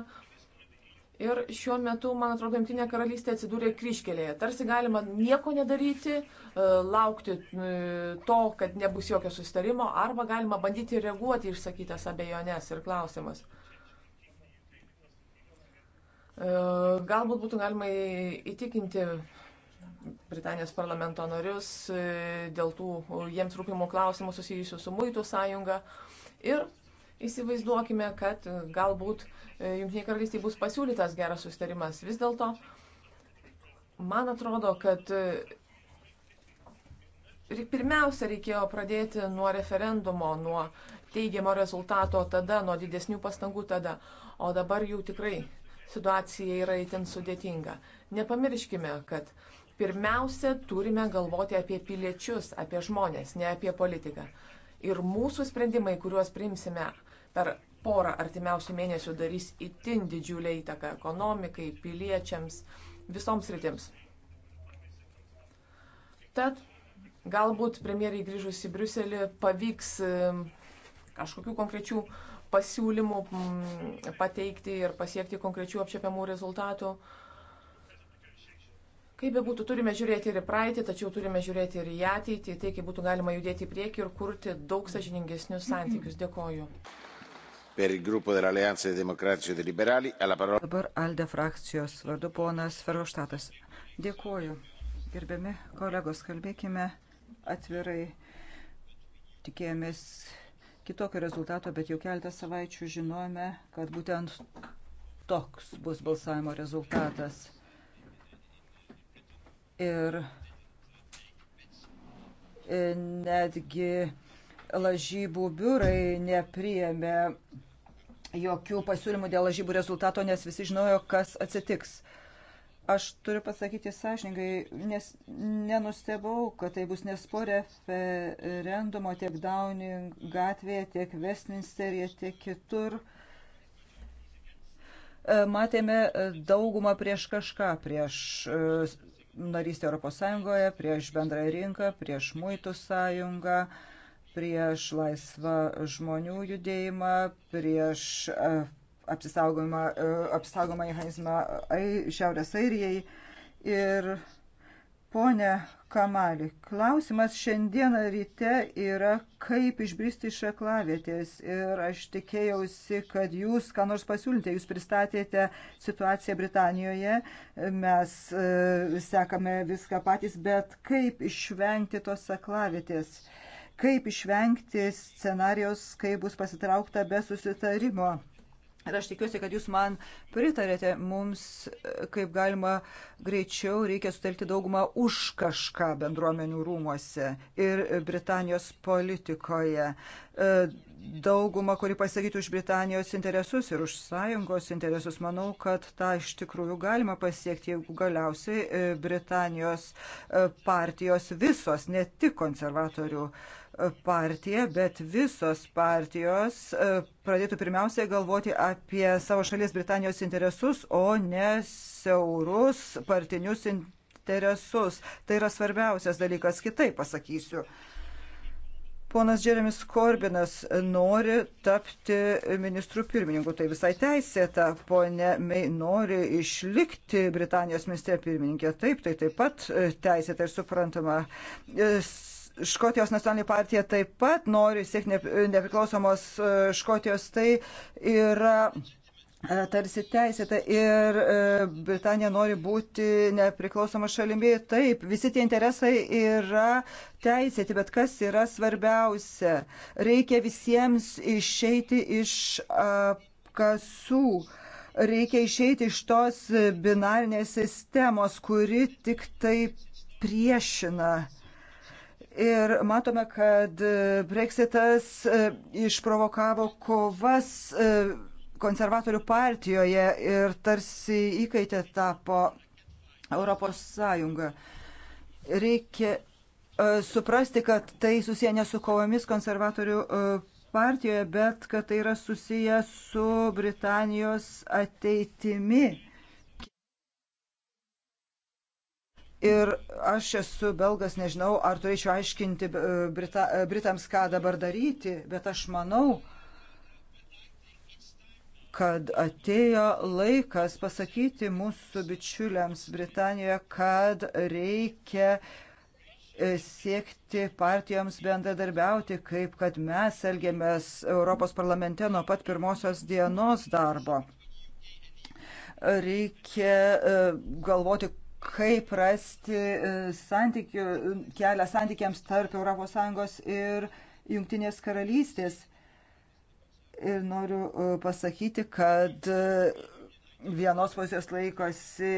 Speaker 4: Ir šiuo metu, man atrodo, Jungtinė karalystė atsidūrė kryškelėje. Tarsi galima nieko nedaryti, e, laukti e, to, kad nebus jokio sustarimo, arba galima bandyti reaguoti išsakytas abejonės ir klausimas. Galbūt būtų galima įtikinti Britanijos parlamento narius e, dėl tų jiems rūpimų klausimų susijusių su muitų sąjunga. Ir įsivaizduokime, kad e, galbūt e, Junktiniai karalystiai bus pasiūlytas geras sustarimas. Vis dėlto, man atrodo, kad pirmiausia reikėjo pradėti nuo referendumo, nuo teigiamo rezultato tada, nuo didesnių pastangų tada. O dabar jau tikrai situacija yra itin sudėtinga. Nepamirškime, kad pirmiausia, turime galvoti apie piliečius, apie žmonės, ne apie politiką. Ir mūsų sprendimai, kuriuos primsime per porą artimiausių mėnesių, darys itin didžiulę įtaką ekonomikai, piliečiams, visoms rytims. Tad galbūt premjerai grįžus į Briuselį pavyks um, kažkokių konkrečių pasiūlymų mm, pateikti ir pasiekti konkrečių apčiopiamų rezultatų. Uh, Kaip be būtų, turime žiūrėti ir į praeitį, tačiau turime žiūrėti ir į ateitį, tai kaip būtų galima judėti į priekį ir kurti daug sažiningesnius mhm. santykius. Dėkoju.
Speaker 1: E Liberali, parola... Dabar
Speaker 2: Alde frakcijos vardu ponas Ferroštatas. Dėkoju. Gerbiami kolegos, kalbėkime atvirai. Tikėjomės kitokio rezultato, bet jau keletą savaičių žinojome, kad būtent toks bus balsavimo rezultatas ir e, netgi lažybų biurai nepriėmė jokių pasiūlymų dėl lažybų rezultato, nes visi žinojo, kas atsitiks. Aš turiu pasakyti sąžininkai, nes nenustebau, kad tai bus nes po referendumo tiek Downing gatvėje, tiek Westminsteryje, tiek kitur. E, matėme daugumą prieš kažką, prieš e, narystę Europos Sąjungoje, prieš bendrąją rinką, prieš muitų sąjungą, prieš laisvą žmonių judėjimą, prieš e, apsisaugomą e, mechanizmą Šiaurės Airijai ir Pone Kamali, klausimas šiandieną ryte yra, kaip išbristi iš aklavietės. Ir aš tikėjausi, kad jūs ką nors pasiūlyti. Jūs pristatėte situaciją Britanijoje, mes e, sekame viską patys, bet kaip išvengti tos aklavietės? Kaip išvengti scenarijos, kai bus pasitraukta be susitarimo? Ir aš tikiuosi, kad jūs man pritarėte, mums kaip galima greičiau reikia sutelkti daugumą už kažką bendruomenių rūmuose ir Britanijos politikoje. E, daugumą, kuri pasakytų už Britanijos interesus ir už sąjungos interesus, manau, kad tą iš tikrųjų galima pasiekti, jeigu galiausiai e, Britanijos e, partijos visos, ne tik konservatorių partijos partija, bet visos partijos e, pradėtų pirmiausiai galvoti apie savo šalies Britanijos interesus, o ne siaurus partinius interesus. Tai yra svarbiausias dalykas, kitaip pasakysiu. Ponas Džeremis Korbinas nori tapti ministrų pirmininku, tai visai teisėta, ponė Mei nori išlikti Britanijos ministrė pirmininkė, taip, tai taip pat teisėta ir suprantama. Škotijos nacionalinė partija taip pat nori siekti nepriklausomos e, Škotijos, tai yra e, tarsi teisėta ir e, Britanija nori būti nepriklausoma šalimi. Taip, visi tie interesai yra teisėti, bet kas yra svarbiausia? Reikia visiems išeiti iš kasų. Reikia išeiti iš tos binarinės sistemos, kuri tik taip priešina Ir matome, kad e, Brexitas e, išprovokavo kovas e, konservatorių partijoje ir tarsi įkaitė tapo Europos Sąjunga. Reikia suprasti, kad tai susiję ne su kovomis konservatorių partijoje, bet kad tai yra susiję su Britanijos ateitimi. Ir aš esu belgas, nežinau, ar turėčiau aiškinti e, Brita, e, Britams, ką dabar daryti, bet aš manau, kad atėjo laikas pasakyti mūsų bičiuliams Britanijoje, kad reikia e, siekti partijoms bendradarbiauti, kaip kad mes elgėmės Europos parlamente nuo pat pirmosios dienos darbo. Reikia galvoti, kaip rasti e, santykių, kelią santykiams tarp ES ir Junktinės karalystės. Ir noriu e, pasakyti, kad e, vienos pozicijos laikosi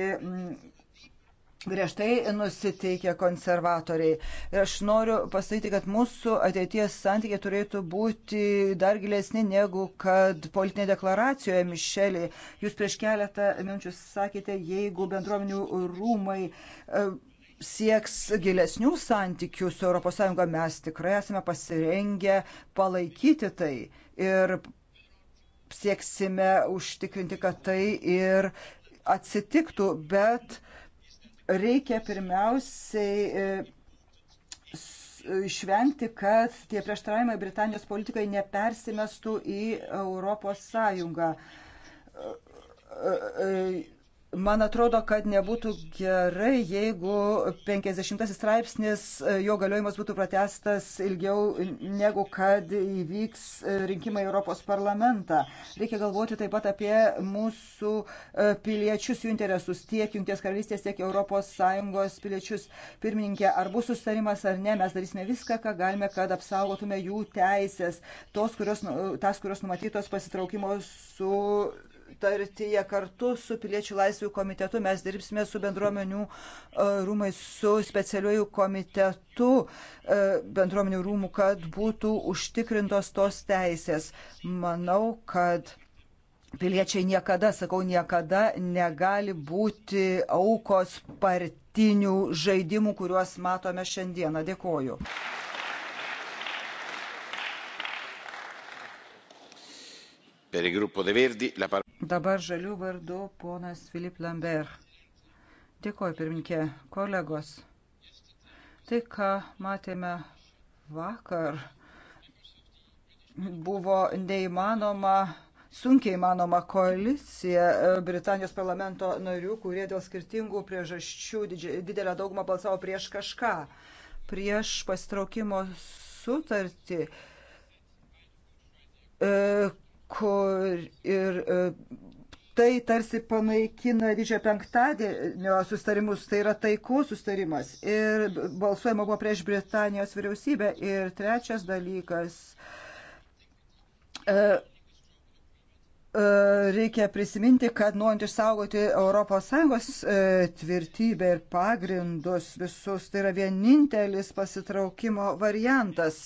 Speaker 2: griežtai nusiteikę konservatoriai. Ir aš noriu pasakyti, kad mūsų ateities santykiai turėtų būti dar gilesni negu kad politinė deklaracijoje, Mišelė. Jūs prieš keletą minučių sakėte, jeigu bendruomenių rūmai e, sieks gilesnių santykių su ES, mes tikrai esame pasirengę palaikyti tai. Ir sieksime užtikrinti, kad tai ir atsitiktų, bet uh, reikia pirmiausiai e, išvengti, kad tie prieštaravimai Britanijos politikai nepersimestų į Europos Sąjungą e, e, Man atrodo, kad nebūtų gerai, jeigu 50 straipsnis e, jo galiojimas būtų pratestas ilgiau negu kad įvyks e, rinkimai Europos parlamentą. Reikia galvoti taip pat apie mūsų e, piliečius, jų interesus, tiek Junkties karalystės, tiek ES piliečius. Pirmininkė, ar bus sustarimas ar ne, mes darysime viską, ką galime, kad apsaugotume jų teisės, tos, kurios, nu, tas, kurios numatytos pasitraukimo su tartyje kartu su Piliečių laisvių komitetu mes dirbsime su bendruomenių e, rūmais, su specialiuoju komitetu e, bendruomenių rūmų, kad būtų užtikrintos tos teisės. Manau, kad piliečiai niekada, sakau, niekada negali būti aukos partinių žaidimų, kuriuos matome šiandieną. Dėkoju.
Speaker 1: Per il gruppo De Verdi la parola.
Speaker 2: Dabar žalių vardu ponas Filip Lambert. Dėkoju, pirminkė, kolegos. Tai, ką matėme vakar, buvo neįmanoma sunkiai manoma koalicija e, Britanijos parlamento narių, kurie dėl skirtingų priežasčių didelę daugumą balsavo prieš kažką, prieš pastraukimo sutartį, e, kur ir e, tai tarsi panaikina didžiojo penktadienio sustarimus, tai yra taikų sustarimas. Ir balsuojama buvo prieš Britanijos vyriausybę. Ir trečias dalykas. E, E, reikia prisiminti, kad norint išsaugoti ES e, tvirtybę ir pagrindus visus, tai yra vienintelis pasitraukimo variantas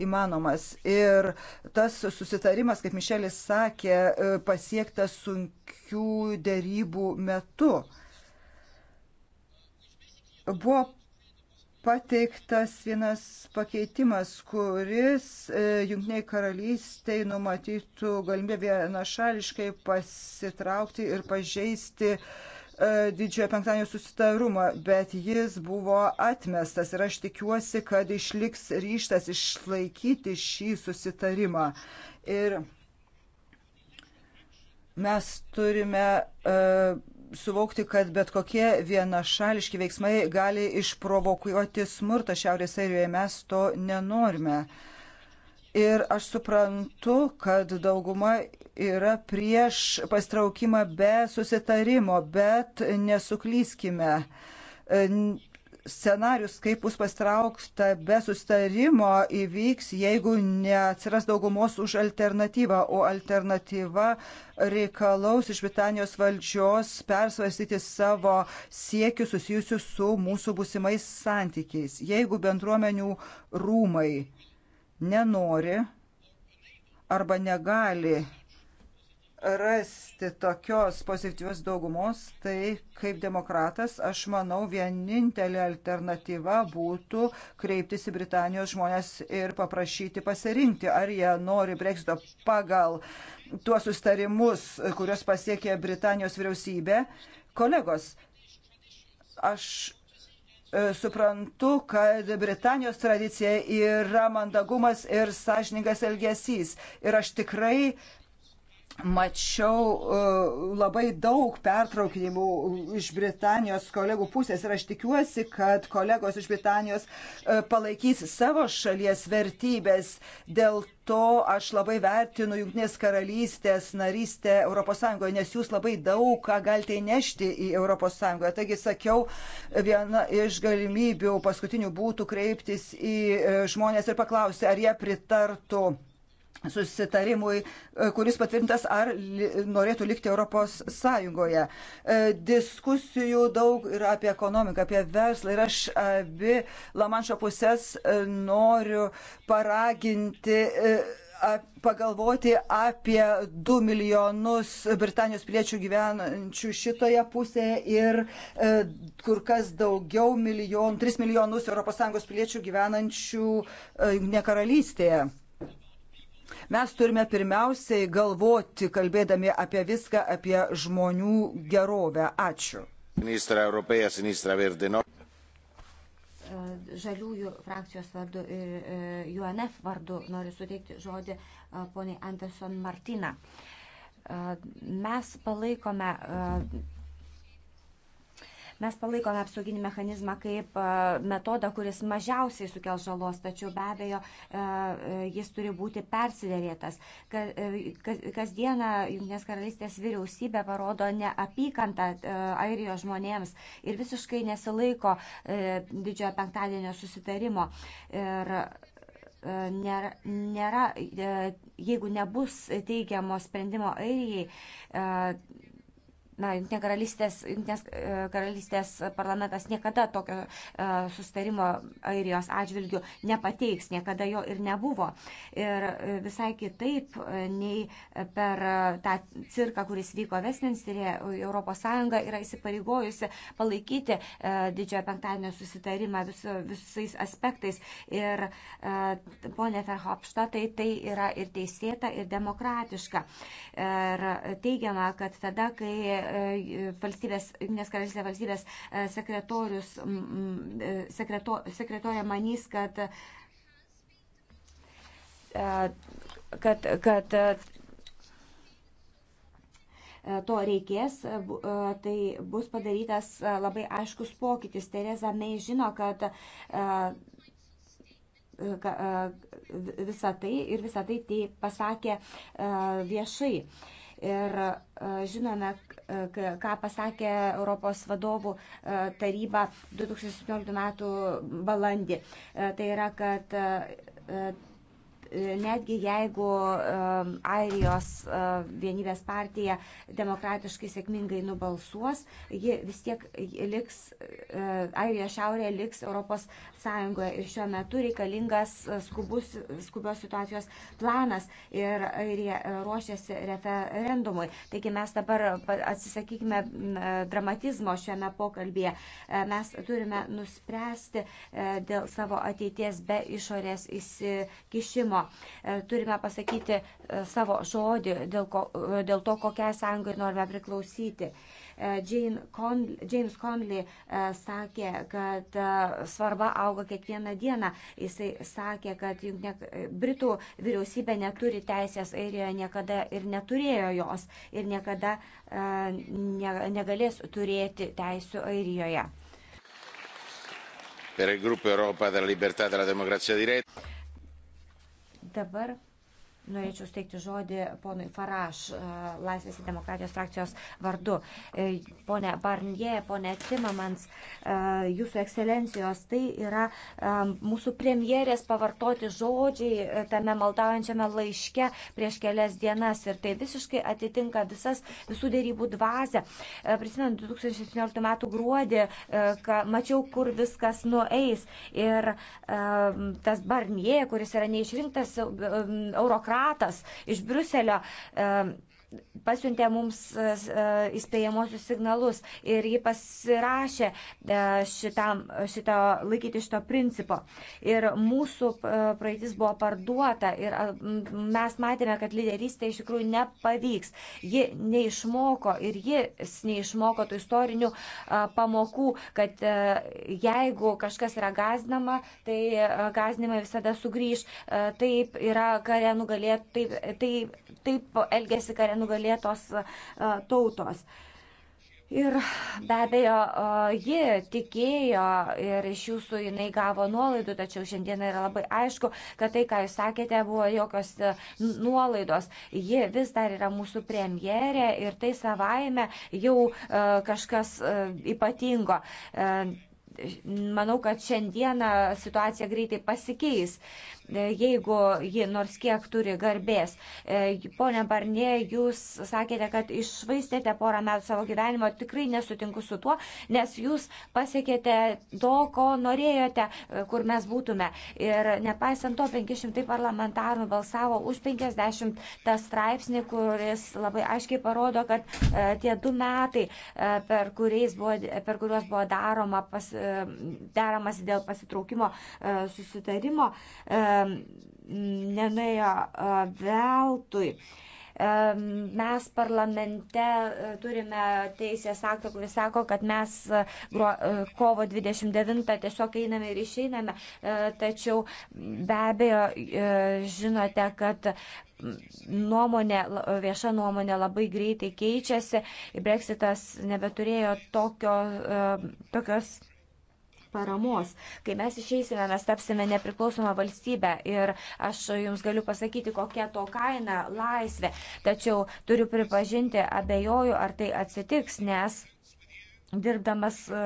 Speaker 2: įmanomas. Ir tas susitarimas, kaip Mišelis sakė, e, pasiektas sunkių dėrybų metu. Buvo pateiktas vienas pakeitimas, kuris e, Junktiniai karalystiai numatytų galimybę vienašališkai pasitraukti ir pažeisti e, didžiojo penktadienio susitarumą, bet jis buvo atmestas ir aš tikiuosi, kad išliks ryštas išlaikyti šį susitarimą. Ir mes turime uh, suvokti, kad bet kokie vienašališki veiksmai gali išprovokuoti smurtą Šiaurės Airijoje. Mes to nenorime. Ir aš suprantu, kad dauguma yra prieš pastraukimą be susitarimo, bet nesuklyskime scenarius, kaip bus pastraukta be sustarimo, įvyks, jeigu neatsiras daugumos už alternatyvą, o alternatyva reikalaus iš Britanijos valdžios persvarstyti savo siekius susijusius su mūsų busimais santykiais. Jeigu bendruomenių rūmai nenori arba negali rasti tokios pozityvios daugumos, tai kaip demokratas, aš manau, vienintelė alternatyva būtų kreiptis į Britanijos žmonės ir paprašyti pasirinkti, ar jie nori breksito pagal tuos sustarimus, kuriuos pasiekė Britanijos vyriausybė. Kolegos, aš e, suprantu, kad Britanijos tradicija yra mandagumas ir sąžiningas elgesys. Ir aš tikrai uh, mačiau e, labai daug pertraukinimų iš Britanijos kolegų pusės ir aš tikiuosi, kad kolegos iš Britanijos e, palaikys savo šalies vertybės. Dėl to aš labai vertinu Junktinės karalystės narystę ES, nes jūs labai daug ką galite įnešti į ES. Taigi sakiau, viena iš galimybių paskutinių būtų kreiptis į e, žmonės ir paklausti, ar jie pritartų susitarimui, e, kuris patvirtintas, ar li, norėtų likti Europos Sąjungoje. E, diskusijų daug yra apie ekonomiką, apie verslą ir aš abi Lamanšo pusės e, noriu paraginti. E, pagalvoti apie 2 milijonus Britanijos piliečių gyvenančių šitoje pusėje ir e, kur kas daugiau milijonų, 3 milijonus ES piliečių gyvenančių e, ne karalystėje. Mes turime pirmiausiai galvoti, kalbėdami apie viską, apie žmonių gerovę. Ačiū.
Speaker 1: Ministra Europėja, ministra Verdino.
Speaker 3: E, žaliųjų frakcijos vardu ir e, UNF vardu noriu suteikti žodį e, poniai Anderson Martina. Mes palaikome Mes palaikome apsauginį mechanizmą kaip e, metodą, kuris mažiausiai sukels žalos, tačiau be abejo e, e, jis turi būti persiderėtas. Kasdieną Junktinės karalystės vyriausybė parodo neapykantą airijos žmonėms ir visiškai nesilaiko didžiojo penktadienio susitarimo. Ir nėra, nėra, jeigu nebus teigiamo sprendimo airijai, Na, Junktinė karalystės, Junktinės e, karalystės parlamentas niekada tokio e, sustarimo Airijos atžvilgių nepateiks, niekada jo ir nebuvo. Ir e, visai kitaip nei per tą cirką, kuris vyko Westminsterė, ES yra įsipareigojusi palaikyti didžiojo penktadienio susitarimą vis, visais aspektais. Ir ponė Ferhopštatai, tai yra ir teisėta, ir demokratiška. Ir teigiama, kad tada, kai valstybės, Junktinės karalystės valstybės e, sekretorius, e, sekreto, sekretorė manys, kad, e, kad, kad to reikės, tai bus padarytas labai aiškus pokytis. Tereza Mei žino, kad visą tai ir visą tai tai pasakė viešai. Ir e, žinome, e, ką pasakė Europos vadovų e, taryba 2017 m. balandį. Tai yra, kad E, netgi jeigu e, Airijos e, vienybės partija demokratiškai sėkmingai nubalsuos, ji vis tiek liks, Airijos šiaurė liks Europos Sąjungoje ir šiuo metu reikalingas skubus, skubios situacijos planas ir Airija ruošiasi referendumui. Taigi mes dabar atsisakykime dramatizmo šiame pokalbėje. Mes turime nuspręsti dėl savo ateities be išorės įsikišimo solidarumo. E, turime pasakyti e, savo žodį dėl, ko, e, dėl to, kokiai sąjungai norime priklausyti. James Conley sakė, kad svarba auga kiekvieną dieną. Jisai sakė, kad ne, Britų vyriausybė neturi teisės Airijoje niekada ir neturėjo jos ir niekada ne, negalės turėti teisų Airijoje.
Speaker 1: Per il gruppo Europa della Libertà e della Democrazia diretta.
Speaker 3: Dabar norėčiau steigti žodį ponui Faraš, e, Laisvės ir demokratijos frakcijos vardu. E, pone Barnie, pone Timamans, e, jūsų ekscelencijos, tai yra mūsų premjerės pavartoti žodžiai tame maldaujančiame laiške prieš kelias dienas ir tai visiškai atitinka visas visų dėrybų dvasę. Prisimenu, 2017 m. gruodį mačiau, kur viskas nueis ir tas Barnie, kuris yra neišrinktas eurokratas, ratas iš Bruselio pasiuntė mums e, e, įspėjamosius signalus ir ji pasirašė e, šitam, šito, laikyti šito principo. Ir mūsų praeitis buvo parduota ir mes matėme, kad lyderystė iš tikrųjų nepavyks. Ji neišmoko ir jis neišmoko tų istorinių pamokų, kad jeigu kažkas yra gazdinama, tai gazdinimai visada sugrįž. Taip yra kare nugalėti, taip, taip, taip elgesi kare nugalėtos e, tautos. Ir be abejo, e, ji tikėjo ir iš jūsų jinai gavo nuolaidų, tačiau šiandieną yra labai aišku, kad tai, ką jūs sakėte, buvo jokios e, nuolaidos. Ji vis dar yra mūsų premjerė ir tai savaime jau kažkas ypatingo. Manau, kad šiandieną situacija greitai pasikeis. E, jeigu ji nors kiek turi garbės. E, pone Barnė, jūs sakėte, kad išvaistėte porą metų savo gyvenimo, tikrai nesutinku su tuo, nes jūs pasiekėte to, ko norėjote, e, kur mes būtume. Ir nepaisant to, 500 parlamentarų balsavo už 50 tą straipsnį, kuris labai aiškiai parodo, kad tie du metai, per, buvo, per kuriuos buvo daroma pas, deramas dėl pasitraukimo susitarimo, nenuėjo veltui. Mes parlamente e, turime teisės aktą, kuris sako, kad mes e, e, kovo 29 tiesiog einame ir išeiname, tačiau be abejo žinote, kad nuomonė, vieša nuomonė labai greitai keičiasi, Brexitas nebeturėjo tokio, tokios paramos. Kai mes išeisime, mes tapsime nepriklausoma valstybė ir aš jums galiu pasakyti, kokia to kaina - laisvė. Tačiau turiu pripažinti, abejoju, ar tai atsitiks, nes dirbdamas e,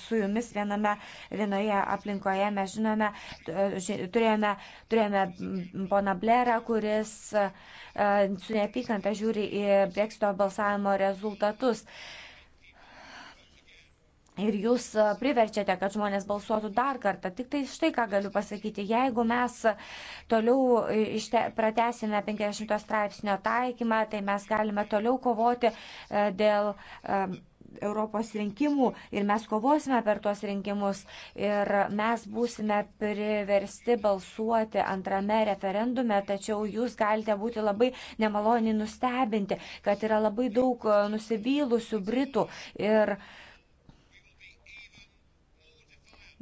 Speaker 3: su jumis viename, vienoje aplinkoje mes žinome, e, turėjome, turėjome poną Blerą, kuris e, su neapykanta žiūri į Brexito balsavimo rezultatus. Ir jūs e, priverčiate, kad žmonės balsuotų dar kartą. Tik tai štai ką galiu pasakyti. Jeigu mes toliau e, ište, pratesime 50 straipsnio taikymą, tai mes galime toliau kovoti e, dėl Europos rinkimų ir mes kovosime per tuos rinkimus ir mes būsime priversti balsuoti antrame referendume, tačiau jūs galite būti labai nemaloniai nustebinti, kad yra labai daug nusivylusių Britų. Ir, uh,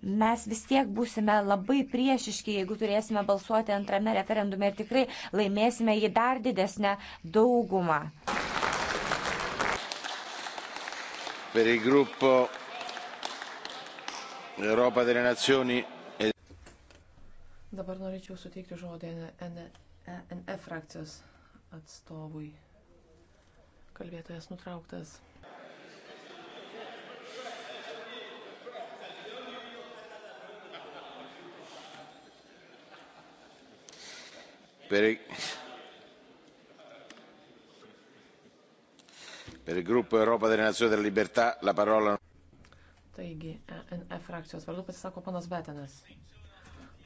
Speaker 3: mes vis tiek būsime labai priešiški, jeigu turėsime balsuoti antrame referendume ir tikrai laimėsime jį dar didesnę daugumą.
Speaker 1: Per il gruppo Europa delle Nazioni. E-
Speaker 4: Dabar norėčiau suteikti žodį ENF frakcijos atstovui. Kalbėtojas nutrauktas. taigi enf frakcijos vardu pasisako ponas betenas.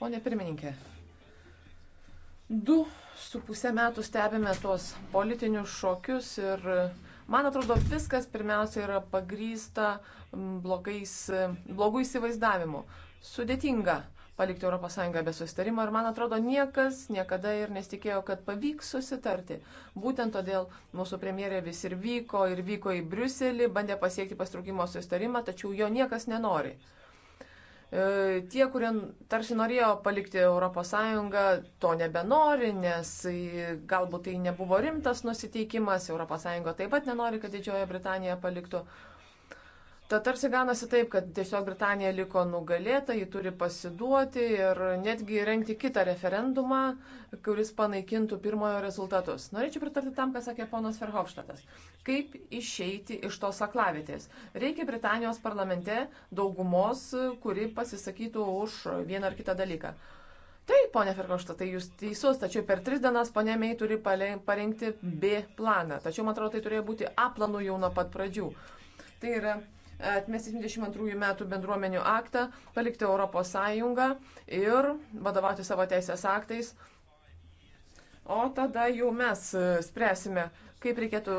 Speaker 4: Pone pirmininkė, du su pusę metų stebime tuos politinius šokius ir man atrodo viskas pirmiausia yra pagrysta blogais, blogų įsivaizdavimu. Sudėtinga palikti ES be susitarimo ir man atrodo niekas niekada ir nesitikėjo, kad pavyks susitarti. Būtent todėl mūsų premjerė vis ir vyko ir vyko į Briuselį, bandė pasiekti pastraukimo susitarimą, tačiau jo niekas nenori. E, tie, kurie tarsi norėjo palikti ES, to nebenori, nes galbūt tai nebuvo rimtas nusiteikimas, ES taip pat nenori, kad Didžioji Britanija paliktų ES. Tad tarsi gaunasi taip, kad tiesiog Britanija liko nugalėta, ji turi pasiduoti ir netgi renkti kitą referendumą, kuris panaikintų pirmojo rezultatus. Norėčiau pritarti tam, ką sakė ponas Verhofštatas. Kaip išeiti iš tos aklavitės? Reikia Britanijos parlamente daugumos, kuri pasisakytų už vieną ar kitą dalyką. Taip, ponė Ferkošta, tai jūs teisus, tačiau per tris dienas ponė Mei turi parengti B planą. Tačiau, man atrodo, tai turėjo būti A planu jau nuo pat pradžių. Tai yra atmesti 22 metų bendruomenių aktą, palikti Europos Sąjungą ir vadovauti savo teisės aktais. O tada jau mes e, spręsime, kaip reikėtų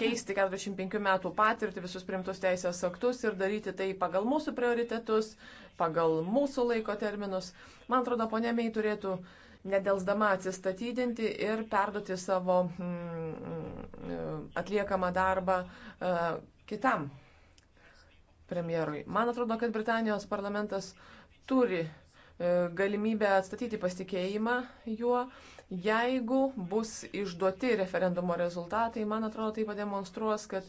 Speaker 4: keisti 45 metų patirtį, visus primtus teisės aktus ir daryti tai pagal mūsų prioritetus, pagal mūsų laiko terminus. Man atrodo, ponė Mei turėtų nedelsdama atsistatydinti ir perduoti savo mm, mm e, atliekamą darbą uh, kitam premjerui. Man atrodo, kad Britanijos parlamentas turi e, galimybę atstatyti pasitikėjimą juo. Jeigu bus išduoti referendumo rezultatai, man atrodo, tai pademonstruos, kad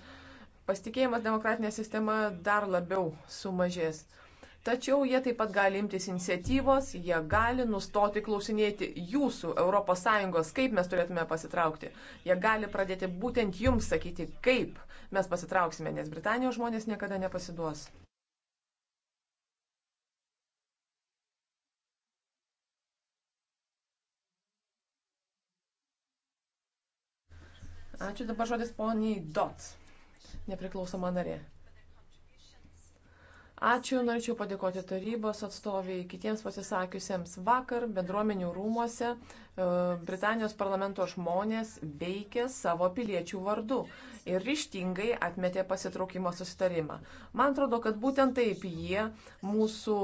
Speaker 4: pasitikėjimas demokratinė sistema dar labiau sumažės. Tačiau jie taip pat gali imtis iniciatyvos, jie gali nustoti klausinėti jūsų ES, kaip mes turėtume pasitraukti. Jie gali pradėti būtent jums sakyti, kaip mes pasitrauksime, nes Britanijos žmonės niekada nepasiduos. Ačiū dabar žodis poniai Dot, nepriklausoma narė. Ačiū, norėčiau padėkoti tarybos atstoviai kitiems pasisakiusiems vakar bendruomenių rūmose. E, Britanijos parlamento žmonės veikė savo piliečių vardu ir ryštingai atmetė pasitraukimo susitarimą. Man atrodo, kad būtent taip jie mūsų,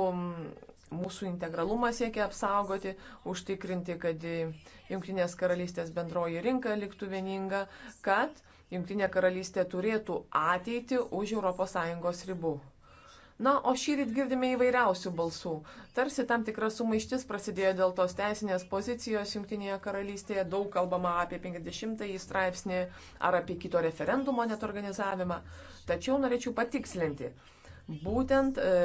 Speaker 4: mūsų integralumą siekia apsaugoti, užtikrinti, kad Junktinės karalystės bendroji rinka liktų vieninga, kad Junktinė karalystė turėtų ateitį už ES ribų. Na, o šį rytą girdime įvairiausių balsų. Tarsi tam tikras sumaištis prasidėjo dėl tos teisinės pozicijos Junktinėje karalystėje, daug kalbama apie 50-ąjį straipsnį ar apie kito referendumo net organizavimą. Tačiau norėčiau patikslinti. Būtent e,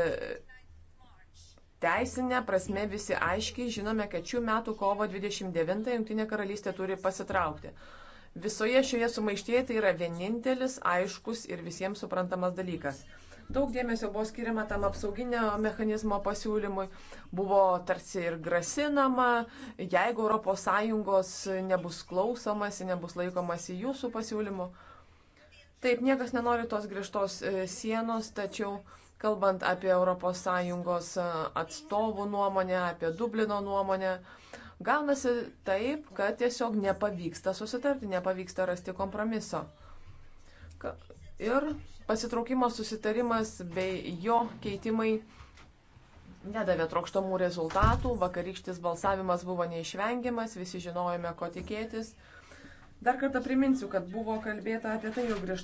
Speaker 4: teisinė prasme visi aiškiai žinome, kad šių metų kovo 29-ąją Junktinė karalystė turi pasitraukti. Visoje šioje sumaištyje tai yra vienintelis aiškus ir visiems suprantamas dalykas Daug dėmesio buvo skiriama tam apsauginio mechanizmo pasiūlymui. Buvo tarsi ir grasinama, jeigu ES nebus klausomasi, nebus laikomasi jūsų pasiūlymų. Taip, niekas nenori tos griežtos e, sienos, tačiau kalbant apie ES e, atstovų nuomonę, apie Dublino nuomonę, gaunasi taip, kad tiesiog nepavyksta susitarti, nepavyksta rasti kompromiso ir pasitraukimo susitarimas bei jo keitimai nedavė trokštamų rezultatų, vakarykštis balsavimas buvo neišvengiamas, visi žinojome, ko tikėtis. Dar kartą priminsiu, kad buvo kalbėta apie tai, jog griežtai